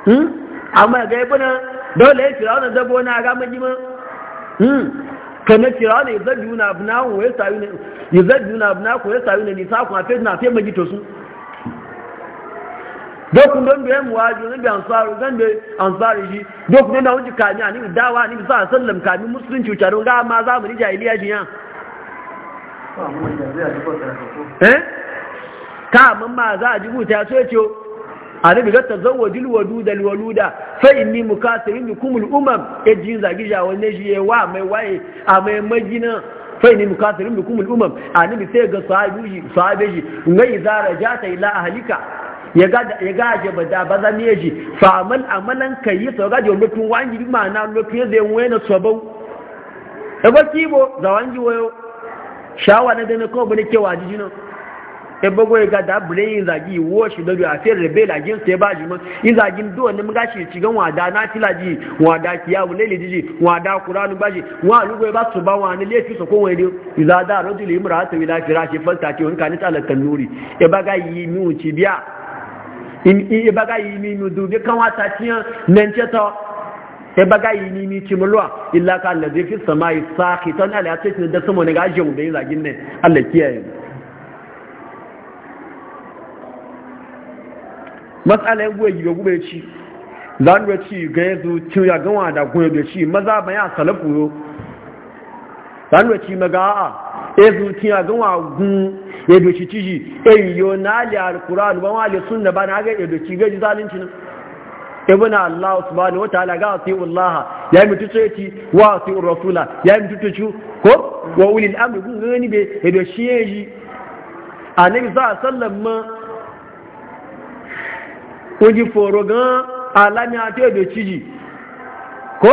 hmm amma ga bane daula ya firawuna da bona ga magi ma hmm kana firawuna yazaduna abnahu wa yasayuna yazaduna sayu wa yasayuna nisaku fesina sai magi to su dokun don da mu waju ne da ansaru gan da ansari ji dokun da wuce kami ani dawa ni sa sallam kami musulunci ucaro ga eh? ma za mu ni jahiliya jiya eh ka mun ma za a jibuta so ce. yace annabi ga tazawwajil waduda alwaluda fa inni mukasirin bikum al-umam ejin zagi ja wanne shi wa mai waye a mai majina fai ne mukasirin bikum al'umam annabi sai ga sahabi shi ngai zara jata ila ahlika ya ga ba da ba za ne ji, fa amal amalan kai so ga je lutun wangi bi ma'ana lutun zai wena sobau e ba kibo za wangi wayo shawa na dana ko bane ke wajiji no e bago ya ga da brain zagi wo shi da a fer rebe la jin sai ba ji mun in zagin do ne muga shi ci gan wada na tilaji wada kiya bu lele jiji wada qur'anu baji wa lugo ba su ba wa ne lefi so ko wani iza da rajul imra'atu ila firashi fanta ki wani ta alakan nuri e baga yi mu ci biya ibaga e yi mi nu dubi kan wata tiyan nan ce ta ibaga e yi mi mi ci mulwa illa ka allazi fi samai saqitan ala ya ce da sama ne ga jin bai zagin ne Allah kiyaye masala gwe gibe gube ci zan gwe ci ga yanzu ci ya gawa da gwe da ci maza ya salafu yo zan gwe ci maga a yanzu e ci ya gawa gun ya doci ciji ɗan yiwu na ali kuran ba wale sunna ba na ga ya doci gaji zalunci nan ibn allah subhanahu wa ta'ala ga asi allah ya yi mutu sai wa asi rasula ya yi mutu tucu ko wa ulil amri kun gani be ya doci ya yi annabi sa sallan ma kuji foro gan alami a ta doci ji ko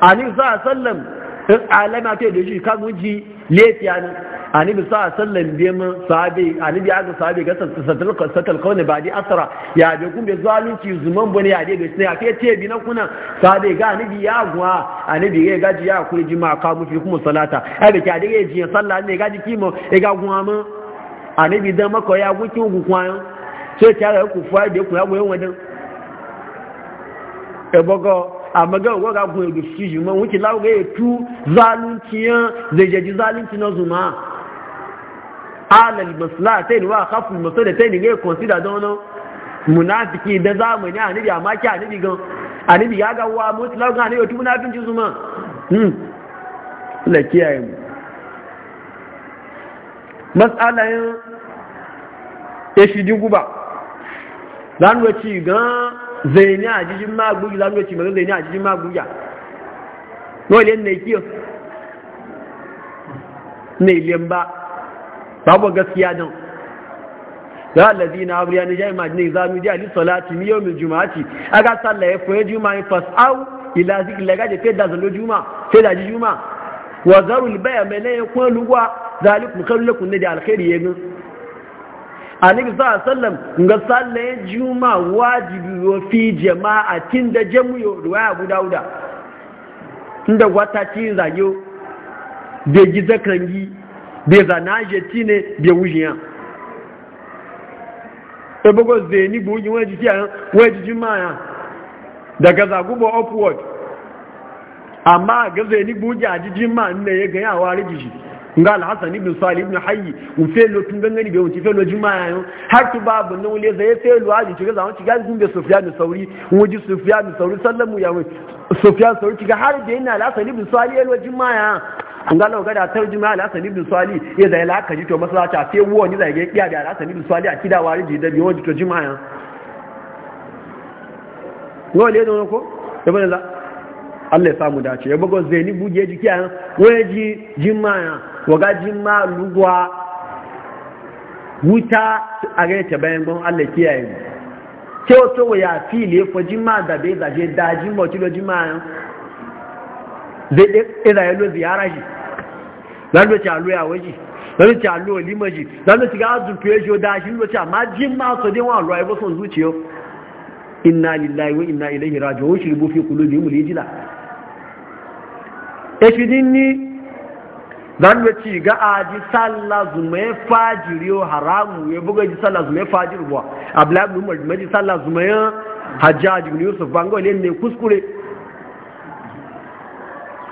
annabi sa sallan alami a ta doci kan ji lefiya ne annabi sa sallan biye mun sahabi annabi aka sahabi ga satal satal kawne ba di asara ya be kun be zalunci zuman bane ya de sai ake ce bi na kuna sahabi ga annabi ya gwa annabi ga gaji ya kuri jima ka mu fi kuma salata ai be ka de ga jiya sallah ne gaji kimo e ga gwa mu annabi dan mako ya gukin gukwan sai ta ga ku fa de ku ya e bogo amma ga wa ga da shi lawo ga tu zalunci ya zai jaji zalunci na zuma alal yi wa da ta yi ne consider don wani munafiki da zamani anibi amma ki anibi gan anibi ya ga wa mutlaq ga anibi to munafinci ma hmm da kiyaye mu ya eshidin guba dan wace gan zaini a jijin magugi dan wace zai ne a jijin magugi no le ne kiyo ne lemba babu gaskiya don ya allazi na abu ya ni jami'a ne za mu ji ali salati ni yau mil juma'ati aga sallah ya koyi juma'a fas'au ila zikri laga je fe da zalo juma'a fe da ji juma'a wa zarul baya mai ne kun lugwa zalikum kan lakum ne da alkhairi gan. annabi sallallahu alaihi sallam ga ya juma'a wajibi fi jama'atin da jamuyo ruwaya abu dauda inda wata ci zayo da gizakan yi bai zana jeti ne bai wujiya ebogo zeni bu ujin waje kiya waje jimaya daga zagubo upward amma ga zeni bu ujin ajijin ma ne ya ga yawa rijiji nga alhassan ibn salih ibn hayyi un felo tun gangani bai wuce felo juma'a yau har tu babu no le zai felo aji ci gaza ci gaza gumbe sufyan da sauri ji sufyan sauri sallamu ya wai sufyan sauri ci ga har da yana alhassan ibn salih el juma'a an ga lauga da tar juma'a alhassan ibn salih ya zai laka ji to masallaci a fe wani zai ga kiya da alhassan ibn salih a kida wari ji da bi ji to juma'a le don ko da bane Allah ya samu dace ya bugo zeni ni buge jiki a wani ji jimaya. wagajin ma lugwa wuta a ta bayan gwan Allah kiyaye mu ke wato wa ya fili fa jima da bai zaje daji ma tulo jima yan zai ɗe izayelo ziyara shi zan ci alo ya waje zan ci alo lima ji zan ci ga azun fiye shi da shi lokaci amma jima so dai wa alo ai ba son zuciyo inna lillahi wa inna ilaihi raji'un shi rubu fi qulubihim lijila e shi dinni zan ga ci ga aji ji sallah zume fajiri haramu ya buga ji sallah zume fajiri ba abla ibn umar ma ji sallah zume hajjaj ibn yusuf bango le ne kuskure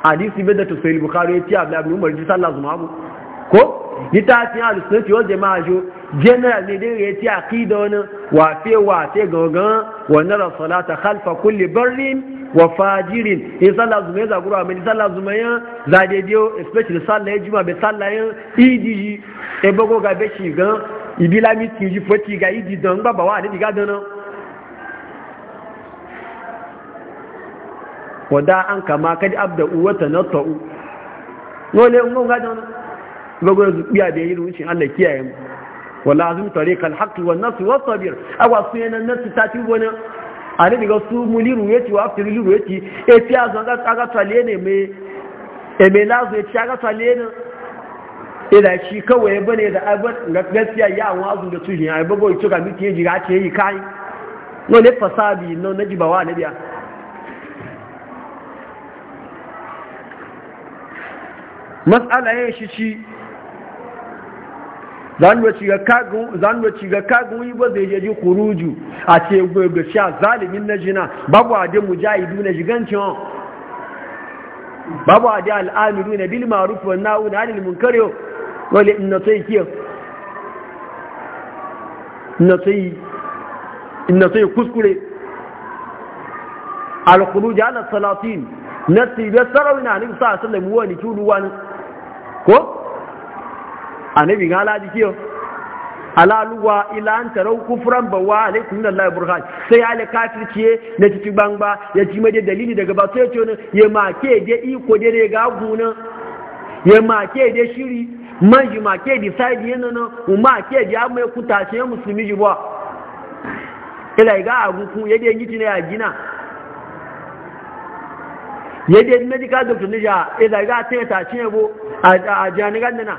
hadisi bai to sai bukhari ya ci abla ibn umar ji sallah zume ko ni ta ci al sunnati wal jama'a jo general ne dai ya ce aqida wani wafe wafe gangan wani rasulata khalfa kulli barrin wa fajirin in sallah zuma ya mai sallah zuma ya zade especially sallah ya juma bai sallah ya e ga be shi gan ibila mi ti ji foti ga idi don wa ni diga an kama kadi abda uwata na ta'u ga zubiya da yi Allah kiyaye mu Wala walazim tariqal haqqi wan nas was sabir awa sunan nas ta ci wani ani daga su muliru yati wa afti liru yati e ti azan ga aga tale ne me e me lazo e ti aga tale ne e shi kawai bane da abin gaskiya ya wazu da tuhi ai bago ito ga miki ji ga ce yi kai no ne fasabi no naji ba wa nabiya mas'ala ya shi shi zanuwa ciga kagun yi ba zai ji kuruju a ce gwagwa sha zalimin na jina babu adi mujahidu na jigancin babu adi al'amiru na bil marufu na wuna hannun munkare wale ina yi kiyar ina yi kuskure al-kuruju ala salatin na tibe sarauna na nisa sa asalin wani kyuluwa ko annabi ga ala kiyo alaluwa ila an tarau kufran bawa alaikum da Allah burhan sai ya kiye na titi bangba ya ji mai dalili daga ba sai ce ya make da iko da ne ga guna ya make je shiri man ji make da side yana nan mu make je amma ku tace musulmi ji ba ila ga ku ya je yiti ne ya gina ya da medical doctor ne ja ila ga ta tace bo a jani nan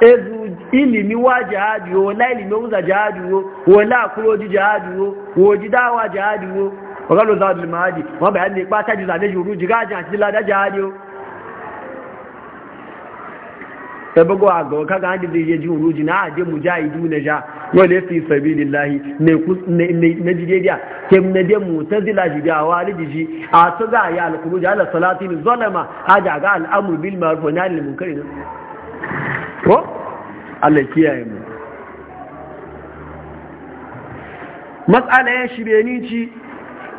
ezu ilimi wa jihadi wo, wala ilimi uza jihadi yo wala kuroji jihadi yo woji dawa jihadi yo wakalo za bil mahadi wọn bẹ̀rẹ̀ ní ipá tẹ́jú ìlànà ìṣòro jìgáàjì àti da jihadi e ka ga àgọ̀ kága ń dìde yẹjú òru jì náà àdé mujá ìdú nẹja wọ́n lè fi sẹ̀bí nìláhi nàìjíríà kẹmìnẹ́dẹ́ mú tẹ́sílà jìdí àwọn alìjìjì àtúgà àyà alùkùrù jì alàsọ́lá tí ní zọ́lẹ̀mà àjàgà al'amùbílmà rùfọ̀ ní alìmùkẹ́rin ko Allah kiyaye mu matsala ya shirye ni ci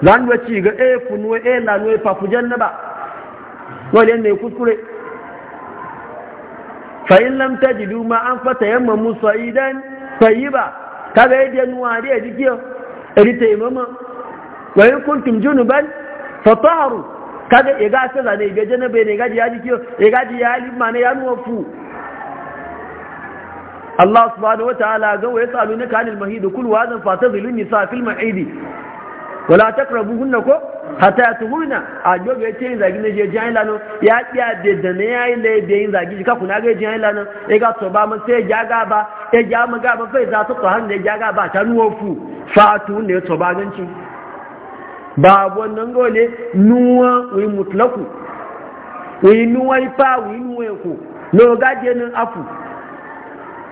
zan ci ga e eh, funuwa e eh, lanuwa fa ku na ba wale ne kuskure fa in lam tajidu ma an fata yamma ba. tayyiba ga yadda nuwa da yadda kiyo eri taimama wa in kuntum junuban fataharu kaga ya ga sai zane ga janabe ne gaji ya ji kiyo ya gaji ya liman ya nuwa fu Allah subhanahu wa ta'ala ga wa yasalu naka anil mahid kul wa zan fatazilun nisa fil mahid wala takrabuhunna ko hatta yatuhuna a jobe yace yin zagi ne je jayin lano ya kiya de da ne yayi le de yin zagi ka kuna ga jayin lano e ga to ba mun sai ja ga ba e ja mu ga ba Sai za to han ne ja ga ba ta nuwo fu fatu ne to ba ganci ba wannan gole nuwa wi mutlaku wi nuwa ifa wi nuwa ko lo ga je nan afu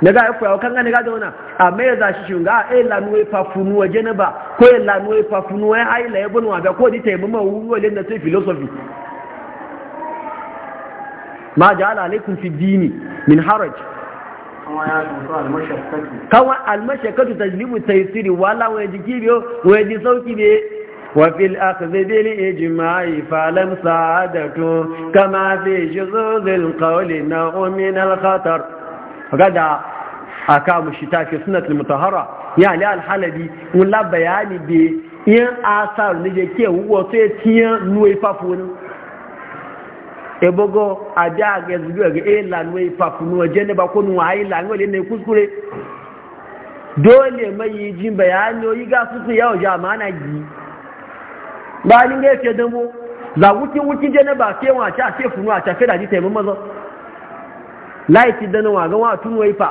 nega daga ya kuwa nega dona ameza wana a mai za shi shunga a ɗaya eh, lanuwa fa funuwa janaba ko ya eh, lanuwa fa funuwa eh, la ya bunwa ga ko di ta yi mama wuwa lenda tui filosofi ma ja ala alaikum fi dini min haraj kawa almashakatu tajlibu taysiri wala wa jiki biyo wa ji sauki biye وفي الأخذ بالإجماع فلم سعادته كما في شذوذ القول نوع من الخطر gada aka mushi ta fi sunat mutahara ya ali alhalabi wula bayani bi yin asar ne je ke wuwa sai e tiyan nuwe fafu ne ebogo abi aga zuwa ga eh e la nuwe fafu nuwa je ne ba ko nuwa ayi e la nuwe ne kuskure dole mai yi jin bayani yi ga su yau jama'a gi ba ni ga ce dambo za wuki wuki je ne ba ke wa ta ce funu a ta fe da ji taimako mazo láìsí dánú wàgán wà tún wọ́n ifá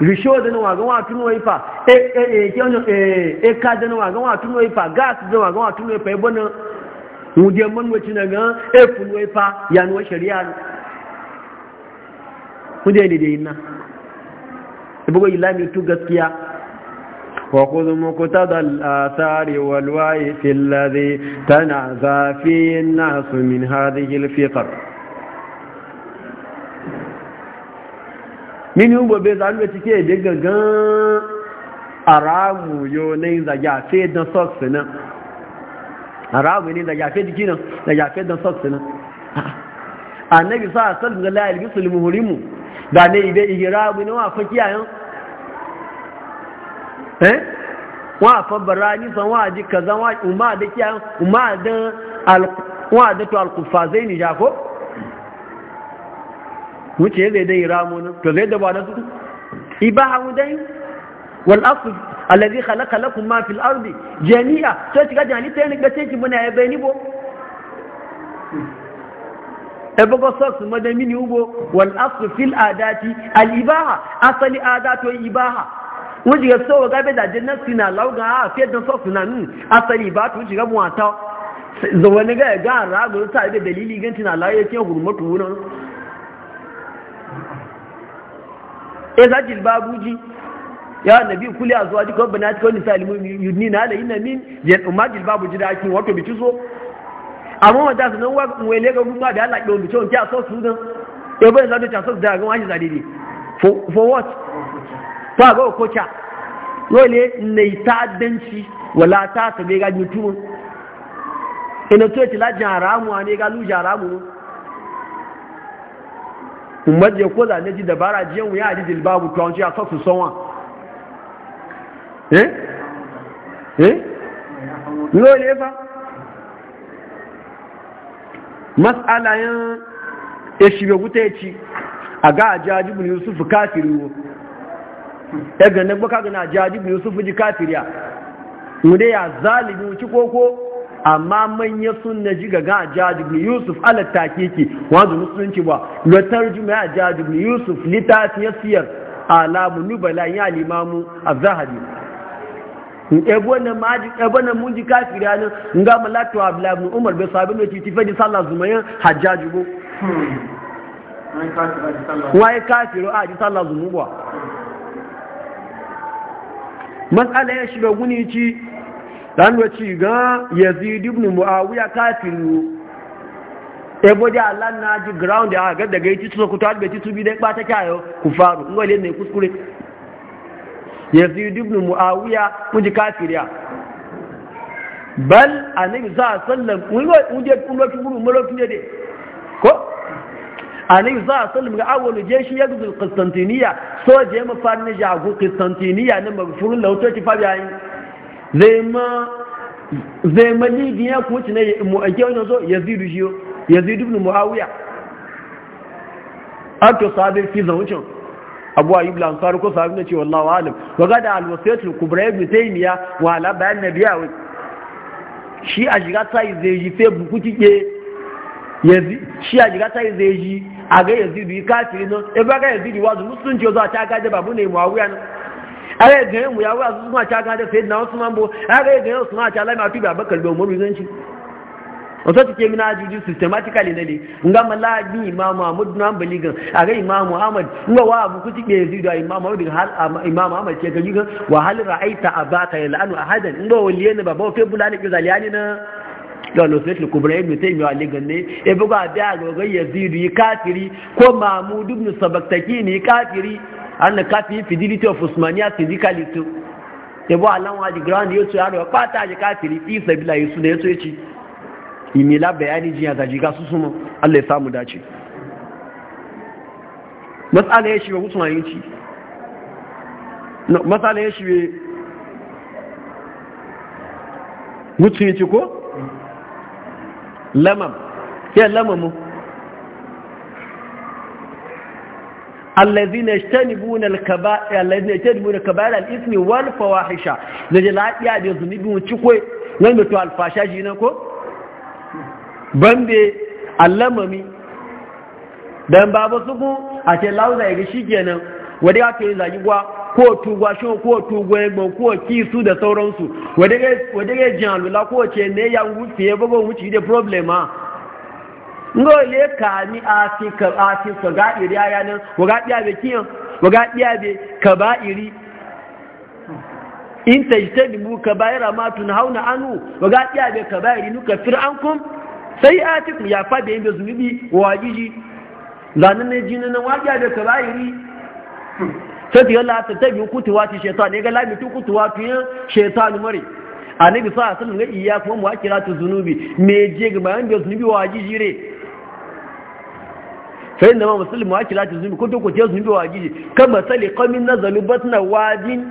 rìṣó wàgán wà tún wọ́n ifá ẹ̀ka wàgán wà tún wọ́n gáàsì dánú wàgán wà wa wọ́n ifá ẹgbọ́n náà wùn gan gaskiya وخذ مقتضى الآثار والوعي في الذي تنعزى فيه الناس من هذه الفقر mini ugbo bai za nwe cike ebe gangan aramu yo na yin zage a fe don socks nan aramu ne zage a fe jiki nan zage a fe don socks nan ah, ah. annabi sa a sallu zala ilbi sulmu hurimu da ne ibe ihirabu na wafa kiyayen eh wafa barani san waji kaza wa umma da kiyayen umma da al wa da to al kufazai jako wuce zai dai ramu nan to zai da ba na su ibahu dai wal asl alladhi khalaqa lakum ma fil ardi jami'a ci ga jani tayin ga ce ki muna yabe ni bo e bugo socks madami ni ubo wal asl fil adati al ibaha asali adatu ibaha wuji ga so ga be da jinnan sina lauga a fiye da socks na nun asali ba tu ci ga mu ata wani ga ga ra go ta da dalili gantin Allah yake hurmatu wannan eh za jilbabuji ya nabi kuli a zuwa duka bana cikin nisa limin yudni na halayi ina min ya umma ji da ake wato bici zo amma wata su nan wa wele ga ruwa da Allah ke bici wanke a so su nan eh bai za ta so da ga wani zadidi for what ta ga ko cha wale ne ta danci wala ta ta be ga mutum ina to ti la jaramu ne ga lu jaramu umar je ko zane ji dabara jiyan wuya a jijil a sosu eh eh fa ya shiga wuta ya ci a ga a jajibin yusuf kafiri wo yusuf ji kafiriya ya ci koko amma manya sun na ji gaga a jajibin yusuf ala takiki wanzu musulunci ba latar juma a jajibin yusuf littafi ya siyar alamu nubala ya limamu a zahari mun ji kafiri yanin nga malatu abdullahi umar bai sabi mai titi fadi sallah zumayen hajjaji go waye kafiru a ji sallah zumuwa matsala ya shiga guni ci dan ci ga yazid ibn muawiya kafiru ebo ja Allah na ji ground ya ga daga ci su ku ta ga ci bi dai ba ta kayo ku faru ngo le ne kuskure yazid ibn muawiya kun ji kafiriya bal annabi za sallam ngo uje kun lo kiburu mo lo kinje de ko annabi za sallam ga je jeshi ya gudul qistantiniya so je mafarni jagu qistantiniya ne magfurun lawto ci fabiyayin zai ma ligin ya kuwa ci na mu'aike wani zo ya zidu shi ya zidu ibn muawiya an to sabin fi zancin abu ayyub lansar ko sabin na ce wallahu alim wa da alwasiyatul kubra ibn taymiya wa ala na biya wa shi a shiga ta yi zai yi sai buku kike shi a shiga ta yi zai yi a ga yanzu yazidu kafiri nan ya e ba ga yazidu wazu musulunci wazo a ta gaje babu ne muawiya no aga ga yin ya wa su suna ta ga da sayyidina Usman bo aga ga yin suna ta lama tuba abakar da umaru zanci wato take mina ajuju systematically ne nga malabi imam Ahmad na baligan ga imam Ahmad nga wa abu kuti be zidu imam Ahmad hal imam Ahmad ke gaji ga wa hal ra'aita abaka yal'anu ahadan nga waliye ne baba fe bulani ke zaliyani na ga losaitul kubra ibn taymiyyah aligan ne e buga da ga ga yazidu kafiri ko mahmud ibn sabaktaki ne kafiri har na kafin fidelity of usmania syndically to yabo alawa di ground yo to yaro pata je kafiri fi sabila yusu da yato yace imila bayani jiya ga jiga su sumo Allah ya samu dace matsala ya shiga mutum ayin ci matsala ya shiga mutum ya ci ko lamam ya lamamu الذين يجتنبون الكبائر الذين يجتنبون كبائر الاثم والفواحش نجي لا يا دي ذنبي وتشكوي نان متو الفاشا جينا كو bambe allamami dan babu suku a ce lauza ya ga shi kenan wadda ya zagi gwa ko tugwa shi ko tugwa egbon ko kisu da sauransu wadda ya jin ko ce ne ya fiye ya da problema ngole kami afika afika ga iri aya nan ga biya be kiyan ga biya be iri in tajtanibu kaba'ira ma hauna anu ga biya be sai a ankum ku ya fa be zunubi wa wajiji zanin ne jinin nan waga be iri sai ta Allah ta tabi kutuwa ci shaytan ne ga lami tu kutuwa tu shaytan mare annabi sallallahu alaihi wasallam ga iyyakum wa akiratu zunubi me je ga bayan da zunubi wa wajiji re sai da ma musulmi wa kila ta ko to ko ce zumi wa gidi masali qamin nazalu batna wadin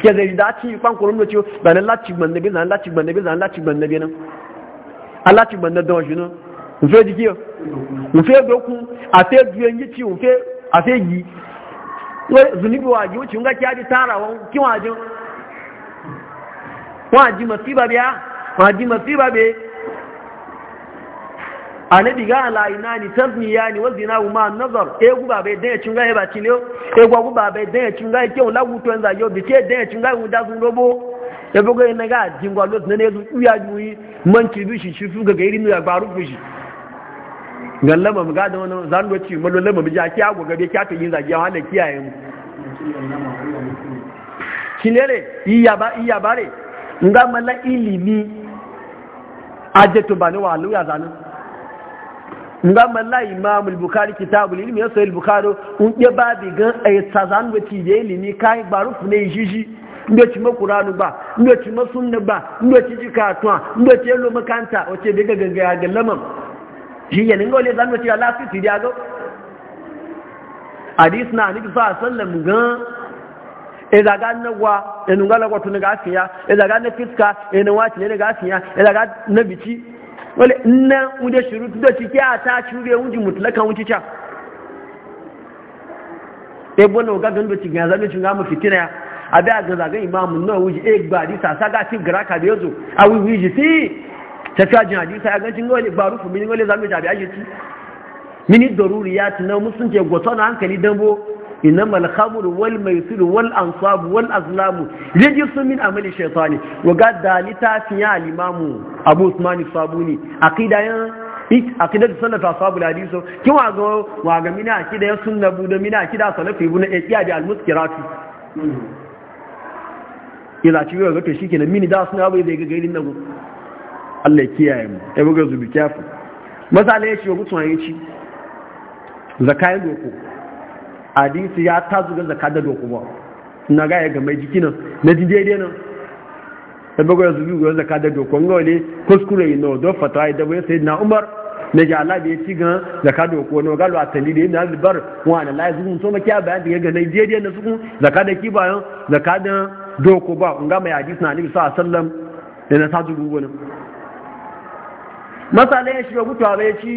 da da ci kan kurun da ciwo da nan lati ban nabi nan lati ban nabi nan lati ban nabi nan Allah ti ban da a yi ci mu fe yi zumi wa gidi wuce nga kiyaji tarawan kiwajin waji masiba biya waji masiba biya annabi ga ala ya ni wa na ma nazar e guba bai dan cin ga ba cile e gwa guba bai dan cin ga ke wala gutu enza yo bi ke dan cin ga da sun robo e bogo ina ga jingwa lot ne ne su ya juyi man ci shi shi shifu ga irinu nu ya baru fushi gallama ga da wannan zan do ci mu lallama mu ki agwa gabe ki aka yin zagiya wanda mu kinere iya ba iya bare nga mala ilimi bani wa aluya nga malla imam al-bukhari kitab al-ilm ya sahih al-bukhari un ke babi gan ay tazan wati de ilimi kai baruf ne jiji ndo ci ma qur'anu ba ndo ci ma sunna ba ndo ci jikatwa ndo ci lo makanta o ce daga ganga ya gallama shi yana ngo le zan wati Allah fi ti dago hadis na ni fa sallam gan eza e ga nawa enungala kwa tunaga afiya eza ga na fiska enuwa tile ga afiya eza ga na bici wale ina wunde shiru da cike a ta shure wunji mutlakan wuce ca e bono ga gando ci ga zabe ci ga fitina ya abi a gaza ga imamu na wuji e gba di sa saga ci gara ka da zo a wi wuji ti ta ta jin hadisa ya ga cin gole ba rufu min gole zamu ta bi aje ci mini daruriyat na musun ce goto na hankali dambo إنما الخمر والميسر والأنصاب والأزلام رجس من عمل الشيطان وقال ذلك في الإمام أبو عثمان الصابوني عقيدة akidar sabu da hadisu kin wa ga wa ga mina akida ya sunna bu da mina akida salafi bu na iya da almuskiratu ila ci ga to na mini da sunna bai da ga gairin nan Allah ya kiyaye mu ai buga zubi kafu masala ya ce wa mutun ya ci zakai doko hadisi ya tazu ga zaka da doku ba na ga ya ga jiki nan na ji daidai nan da bago ya zubi ga zaka da doku ga wale kuskure no do fata da bai sai na umar na ji Allah bai ci gan zaka doku no ga lo atali da ina albar wa na lai zugun so makiya bayan da ga na daidai na sukun zaka da ki bayan zaka da doku ba ga mai hadisi na annabi sallallahu alaihi wasallam da na tazu gugu nan masala ya shiga gutawa ya ci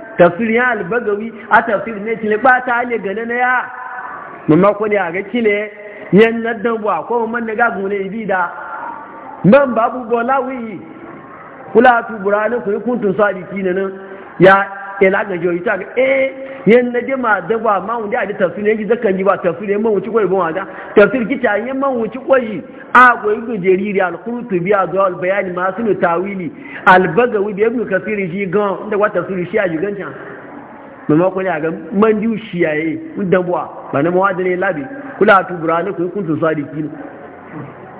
tafsir ya albagawi a tafsir ne kile ba ta ale gane na ya mamma ko ne a ga kile yan naddan ba ko man daga gune ibida man babu bolawi kula tu burani ku kuntum sadiki nan ya ila ga yi ta ga eh yan na je ma da ba ma wunde a da tafsir yanki zakan ji ba tafsir yan man wuci koyi ba wanda tafsir ki ta yan man wuci koyi a koyi ga jariri al qurtubi a da al bayani ma sunu tawili al bagawi da ibn kasir ji ga inda wa tafsir shi a jigan can mama ko ga man diu shi yaye da buwa ba na mawada ne labi kula kun kun tusa da sadiqin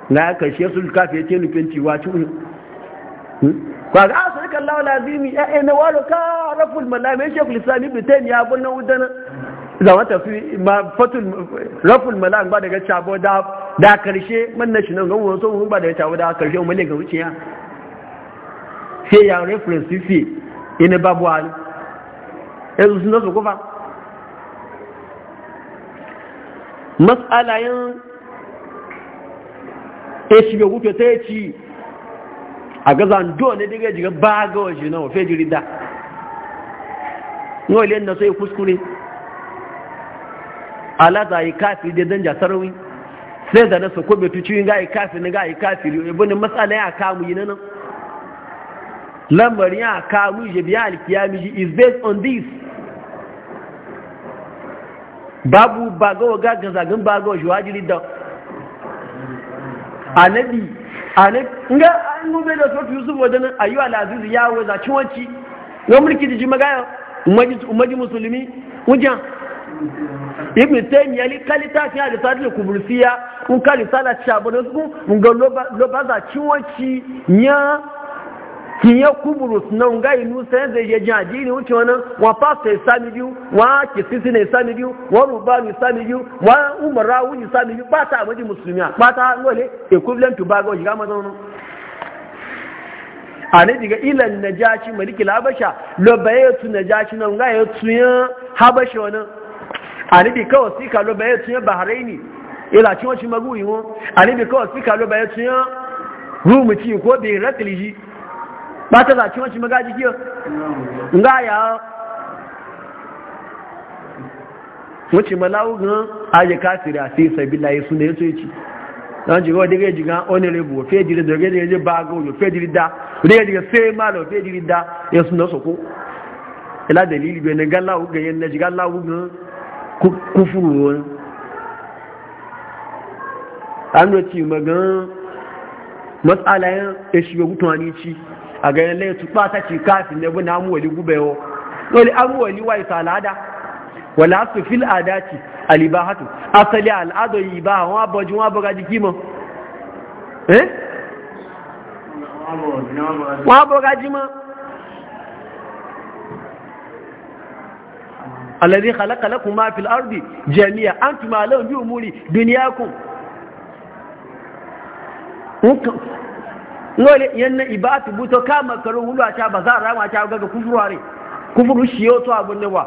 na karshe sul fiye ce nufin ciwa ci hmm? ba ga asali kallah lazimi ya ai na walo ka raful malami shekul islam ibn taymiya bunna udana zama tafi ma fatul raful malam ba daga chabo da da karshe man na shi nan ga wasu ba daga chabo da karshe mun ne ga wuciya sai ya reference fi ina babu hali yanzu sun zo kufa mas'alayin ya shiga gufe ta yi ci a gazan dole daga jiga ba ga waje na wafe jirida yau ile na sai kuskure alata yi kafi da danja jasarwi sai da nasa ko betu ciwon ga yi kafi na ga yi kafi ibinin matsala ya kamu yi nan lambarin ya kamu je biya alkiyami ji is based on this babu ba ga waga gazagin ba ga waje wajiri da anabi ane nga an bai da sautu yusuf wajen ayyuwa lazizi ya waza ciwanci na mulki jiji magaya umaji musulmi wujan ibn tayyib ya likali ta fi da sadil kubursiya kun kali sala shabana su mun ga loba za ciwanci nya kiye kuburus nan ga inu sai zai je jin addini wuce wannan wa pastor sami biyu wa kisisi ne sami biyu wa rubani sami biyu wa umara wuji sami biyu ba ta amaji musulmiya ba ta ngole equivalent to bago shiga mazaunin ani diga ilan najashi maliki labasha lo baye tu najashi nan ga ya tuya habasha wannan ani bi kawai sika lo baye tuya bahraini ila cin wacin magu yiwo ani bi kawai sika lo baye tuya rumuci ko bi ratiliji bata za ci wacce magaji kiyo nga ya wacce malawu gan aje kafiri a sai sabi layi suna ya soyi ci jiga wadda gaji gan honorable wa jiri da gaji gaji ba ga ojo fiye jiri da wadda gaji ga sai mala wa jiri da ya suna soko ila dalili bai na gan lawu gan yana jiga gan kufuru wani an wacce magan matsalayen ya e shiga gutuwa ni ci a ganin laitu ɓata ci kafin ne bu na amuwali gubewo wani amuwali wa isa al'ada wala su fil adati hatu? asali al'ada yi ba wa bajin wa buga jiki ma eh wa buga jiki ma alladhi khalaqa lakum ma fil ardi jami'a antum lahu bi umuri dunyakum lole yanna ibatu buto kama karu hulu acha bazar rama acha gaga kufurare kufuru shiyo to abun ne wa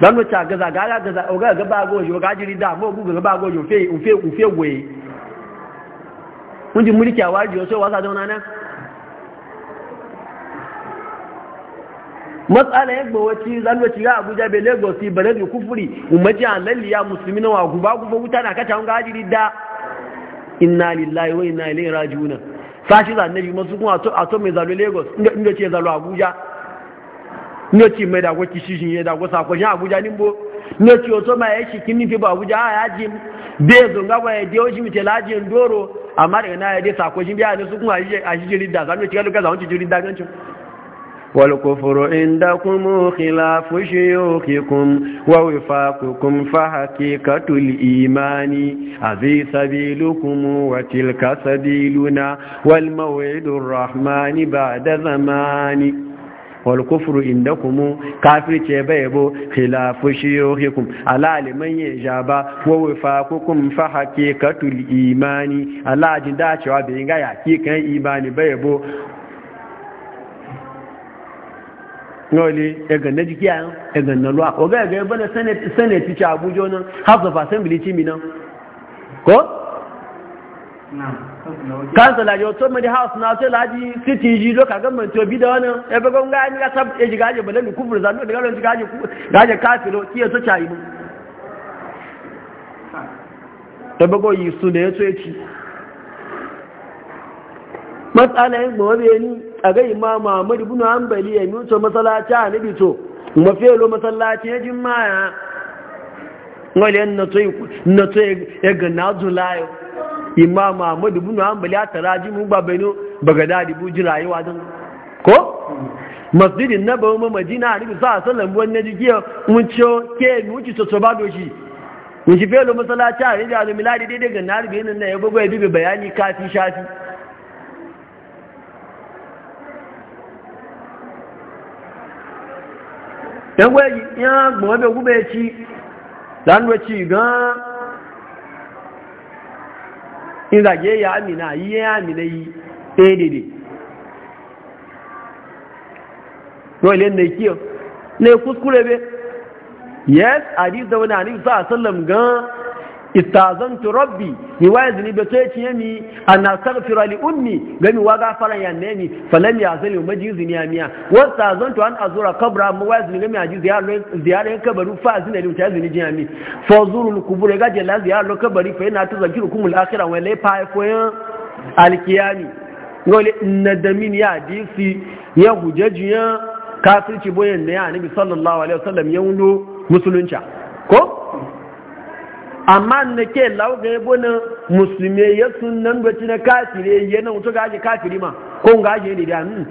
dan wata gaza gaga gaza oga ga ba gojo ga jiri da mo gugu ga ba gojo fe ufe ufe we kunji mulki a wajiyo so wasa zauna nan matsala ya gba wace zalwaci ya abuja bai lagos bare da kufuri umarci halalliya musulmi na wa guba guba wuta na kacha hunga hajiri da inna lillahi wa inna ilaihi raji'un sashi za annabi masu kun a to mai zalo lagos inda ce zalo abuja inda ce mai dago kishishin ya dago sakwajen abuja nimbo inda ce wato mai ya shi kin nufi ba abuja a yaji bai zunga ba ya je wajen mace lajin ndoro amma daga na ya dai sakwajen biya ne su kun a shi jiri za mu ci galuka za mu jiri jirida gancin والكفر عندكم خلاف شيوخكم ووفاقكم فحقيقة الإيمان هذه سبيلكم وتلك سبيلنا والموعد الرحمن بعد زمان walkufru indakum kafirce bai bo khilafu shiyuhikum alaliman ya jaba wa wifaqukum fa haqiqatul imani alaji da cewa imani bai bo yawale daga na jiki yayin daga na ruwa ko ga ga bana senate ci abuja wannan house of assembly ci minan ko kansala yau to mai house na to laji city ji loka government to bi da wannan e ba gonga ni ga sab e jiga je balan kufur zanu daga ran jiga je ga je kafiro ki to chayi mu to ba go yi su ne to yaci matsala yin gobe ni a ga imam ahmad ibn hanbali ya nuto masallaci a nabi to mafelo masallaci ya jimaya wale na to na to ya ga nazulayo imam ahmad ibn hanbali ataraji mu babeno bagadadi ji rayuwa dan ko masjidin nabawi ma madina a nabi sallallahu alaihi wasallam wannan jikiya mun ciyo ke nuci to to ba doji mun ji felo masallaci a nabi almiladi daidai ga naribi nan ne ya bugo ya bibi bayani kafi shafi ẹgbẹ́ gwaji ya gbọ́n bẹ gúbẹ̀ ci lánúwẹ̀ci gan an ìrìnàjẹ́ ya amìnà yíyẹ amìnà yìí dédèdè wọ́n ilé ní kí ọ ní kúskúrẹ́ bẹ yes àdíz da wani àníbisá àsọ́lọ̀m gan an istazantu rabbi ni waya zini be to yace mi an astaghfira li ummi gami wa gafaran ya nemi falam ya zali zini ni miya. wa istazantu an azura qabra mu waya zini gami aji ziyara ziyara kabaru fa zini li mutazi ni jami fa zuru al qubur ga je la ziyara kabari fa yana tuzakirukum al akhirah wa la fa fa al qiyami ngole nadamin ya hadisi ya hujajiya kafirci boyen ne ya annabi sallallahu alaihi wasallam ya wulo musulunci ko amma na ke lauga ya bane musulmi ya nan gwaci na kafire ya nan wuce gaji kafiri ma ko ga gaji ne da nan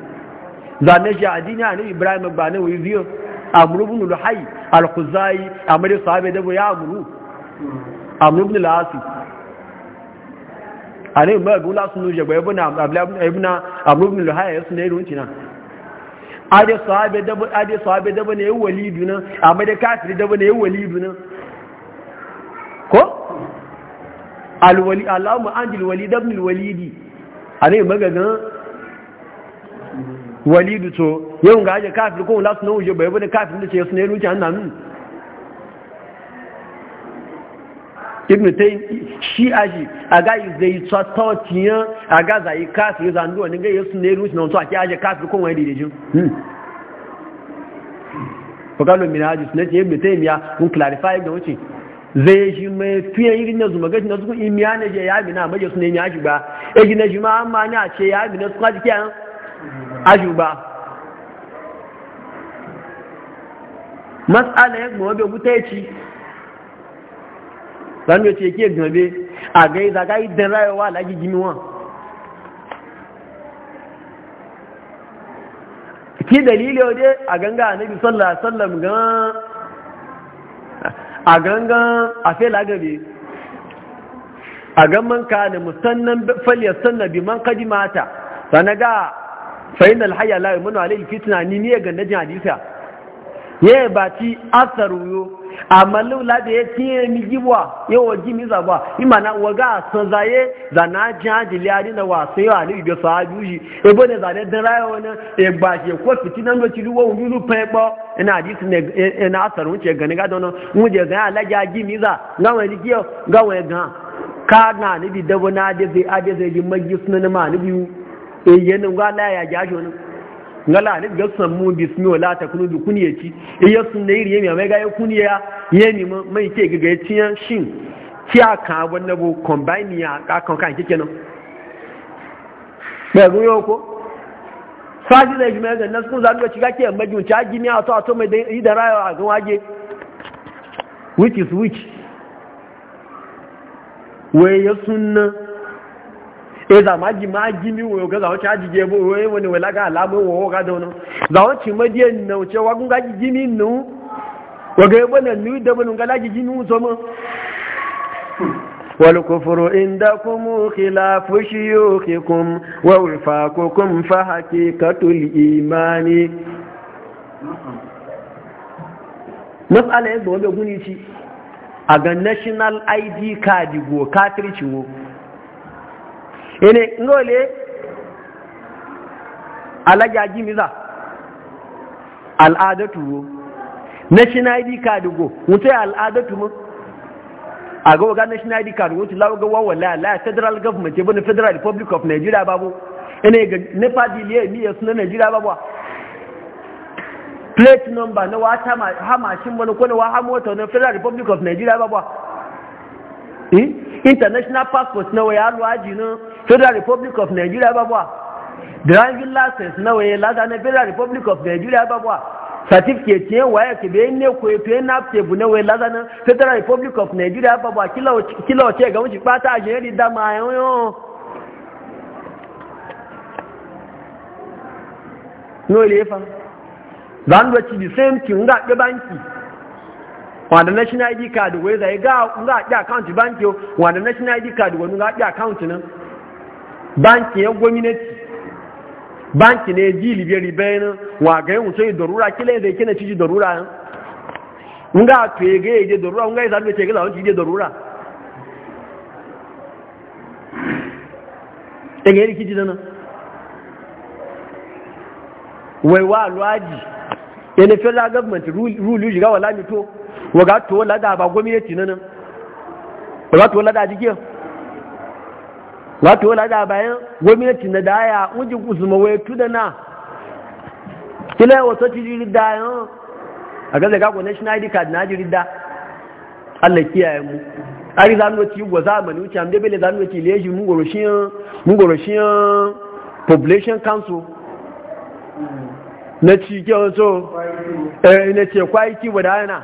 zane shi addini a nan ibrahim ba ne wuri ziyo amru ibn luhai al a amru sahabe da ya muru a ibn lasu a nan ma gula sunu nuje ba ibn abdullah a amru luhai ya sunai runci na ade sahabe da ade sahabe da ne walidu na amma da kafiri da ne walidu na ko alwali alamu anjil walid ibn alwalid ane magagan walidu to yau ga aje kafir ko la sunan uje bai bane kafir da ce sunan ruci annan ibn tay shi aji aga zai a aga zai kafir zan duwa ne ga yesu ne ruci nan to ake aje kafir ko wani dijin fakalu hmm. min hadis ne ibn taymiya mun clarify ga wuce zai yi shi mai fiye yi na zuma gashi na sukun imiya ya ne je ya bi na maje su ne ya shi ba e gina shi ma amma ni a ce ya bi na suka ji a shi ba matsala ya gbawa bai wuta ya ci zanen ce ke gbabe a gai zaga yi dan rayuwa lagi gini wa? ki dalili yau dai a ganga na bi sallah alaihi gan a gangan a fela a gamman ka da musannan faliyar sannan bi man kaji mata sana ga fahim da alhaya manu alil fitna ni ne ga najin hadisa ya yi ba ci asar wuyo. amma lula da ya tiye mi gibwa ya waji mi zabwa imana waga san zaye za na jan jiliyari na wasu yawa ni ibe sa juji ebo ne zane dan raya wani egba ke ko fitina ndo ti luwo wulu pe po ina e hadisi ne ina e, e asar wuce gani ga dono wuje ga alaja aji mi za ga wani kiyo ga wani ga ka na ni bi dabo na de zai ade zai ji magis na ma ni bi e yenu ga la ya jajo ni ngala ne ga samu bismi wala kunu bi kuniyati e ya sunne iri yemi mai ga kuniya yemi mai ke ga yaciyan shin ti aka wannan bo combine ya kan kan kike no ba ruyo ko saji da jima ga nasu za ga ciga ke majun ta gini a to a to mai da idan rayo a gan waje which is which waye sunna e za ma ji ma ji mi wo ga za o cha ji je bo we woni we ga la mo wo ga do za o chi ma die no che wa ga ji ji mi no wa ga bo na ni de bo ga la ji ji mi so mo wal kufru indakum khilafu shuyukhikum wa wifaqukum fa haqiqatul imani mas'ala yanzu wanda guni ci a ga national id card go cartridge wo ene ngole alaja jimiza al'adatu national id card go mutai al'adatu mu a ga waga national id card wuce lawo ga wawala la federal government ibn federal republic of nigeria babu ene ga nepa diliye mi yasu na nigeria babu plate number na wata ha mashin wani ko na ha mota na federal republic of nigeria babu eh? international passport na waya alwaji na federal republic of nigeria babuwa driving license na waye lada na federal republic of nigeria babuwa certificate yin waye ke bayan ne ko efe na tebu na waye lada na federal republic of nigeria babuwa kila wace ga wuce pata a jere da ma yawon no lefa zan da ci the same thing ga ɗi banki wanda national id card wai zai ga ga ɗi account banki wanda national id card wani ga ɗi account nan banki ya gwamnati banki ne ji libya ribayin wa ga yin sai darura kila zai kina ci ji darura ya. nga to ye ga je darura nga za ce ga za ci je darura e ga yi rikici dana wai wa lwaji ene federal government rule ji ga wala mi to wa ga to la da ba gwamnati nan wa ga to wato wala da bayan gwamnati na daya wujin kusuma waya tuda na kila wasu ci jiri dayan eh? a gaza gago national id card na jiri da allah kiyaye mu ari za mu zanu wati gwa zamani wuce amde bele zanu wati leji mun goroshin mun goroshin population council na ci ke wato eh na ce kwai ki wadana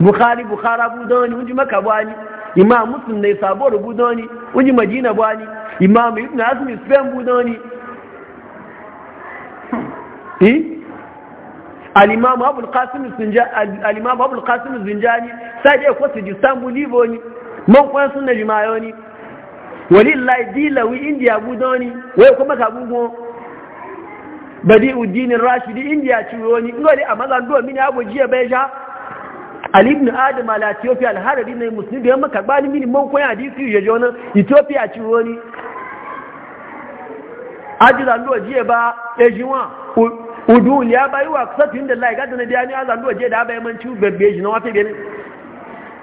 bukhari bukhara budoni unji maka bwani imam muslim ne saboro budoni unji madina bwani imam ibn azm spain budoni hmm. eh al-imam abul qasim sinja al-imam abul qasim zinjani sai ko su jisambu livoni man kwan sunna jimayoni walillahi dilawi india budoni wai kuma ka bugo badi uddin rashidi india ciwoni ngoli amazan do mini abujiya beja ali ibn adam ala ethiopia alharabi na musulmi da yamma karba ni mini man koyi hadisi ya jona ethiopia ci woni ajira ndo je ba ejiwa udu ya bayi wa kusatin da lai gadana biya ni azan ndo je da bayi man ci bebbe ji na wafe bene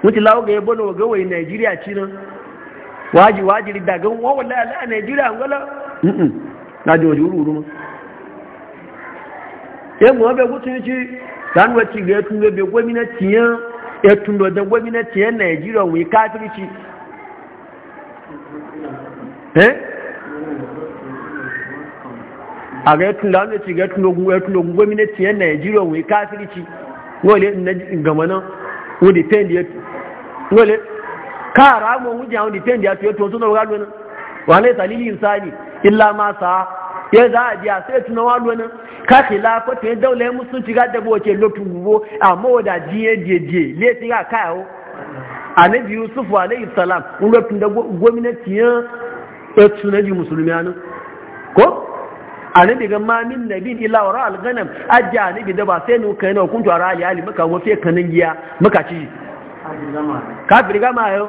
muti lawo ga yebono ga wai nigeria ci nan waji waji daga gan wa wallahi ala nigeria ngala mm na jojo ruru ma yamma be gutun ci sanwaci ga ya tunga bai gwamnatiyan ya tunga da gwamnatiyan najeriya wai kafirci eh a ga ya tunga wanda ci ga ya tunga gwamnatiyan najeriya wai kafirci wale na gama nan wani tendi ya wale kara mu wujan wani tendi ya tuyo to suna wani wani wale salili insani illa ma sa ya za a biya sai tuna wadu wani kashi khilafa to daula ya musu musulunci ga dabo wace lotu gugu a mawada jiye jiye jiye le ti ga biyu sufu yusuf alayhi salam un lotu da gwamnati ya tuna ji musulmi anu ko annabi ga mamin min nabin illa wara alganam ajja annabi da ba sai nuka kai na hukunta ra ali maka wafe kanan giya maka ci kafir yau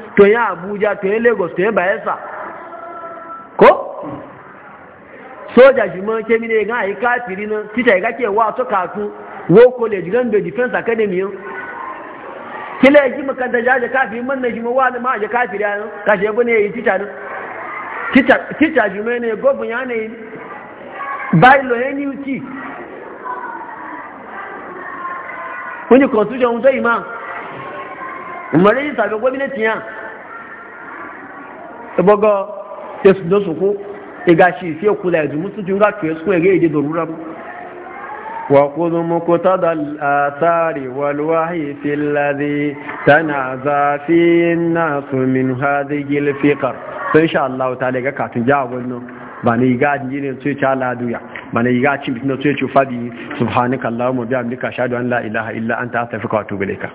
to abuja toye lagos to bayelsa ko soja shi ma ke mine ga yi kafiri nan tita ga wa college gan defense academy kila yi makanta jaje kafiri man na shi ma wa ma je kafiri nan ka je yi tita nan tita ya ne constitution ebogo yesu do suku igashi shi fi kula yanzu musulunci ga tuye su ga yaje darura mu wa kudu muqtada al-athari wal wahyi fi alladhi tanaza fi an-nas min hadhihi al-fiqr so insha Allah ta'ala ga katun jawabin nan ba iga ga jini ne ce ala duya ba ne ga cin bitin ce bihamdika ashhadu an la ilaha illa anta astaghfiruka wa atubu ilayka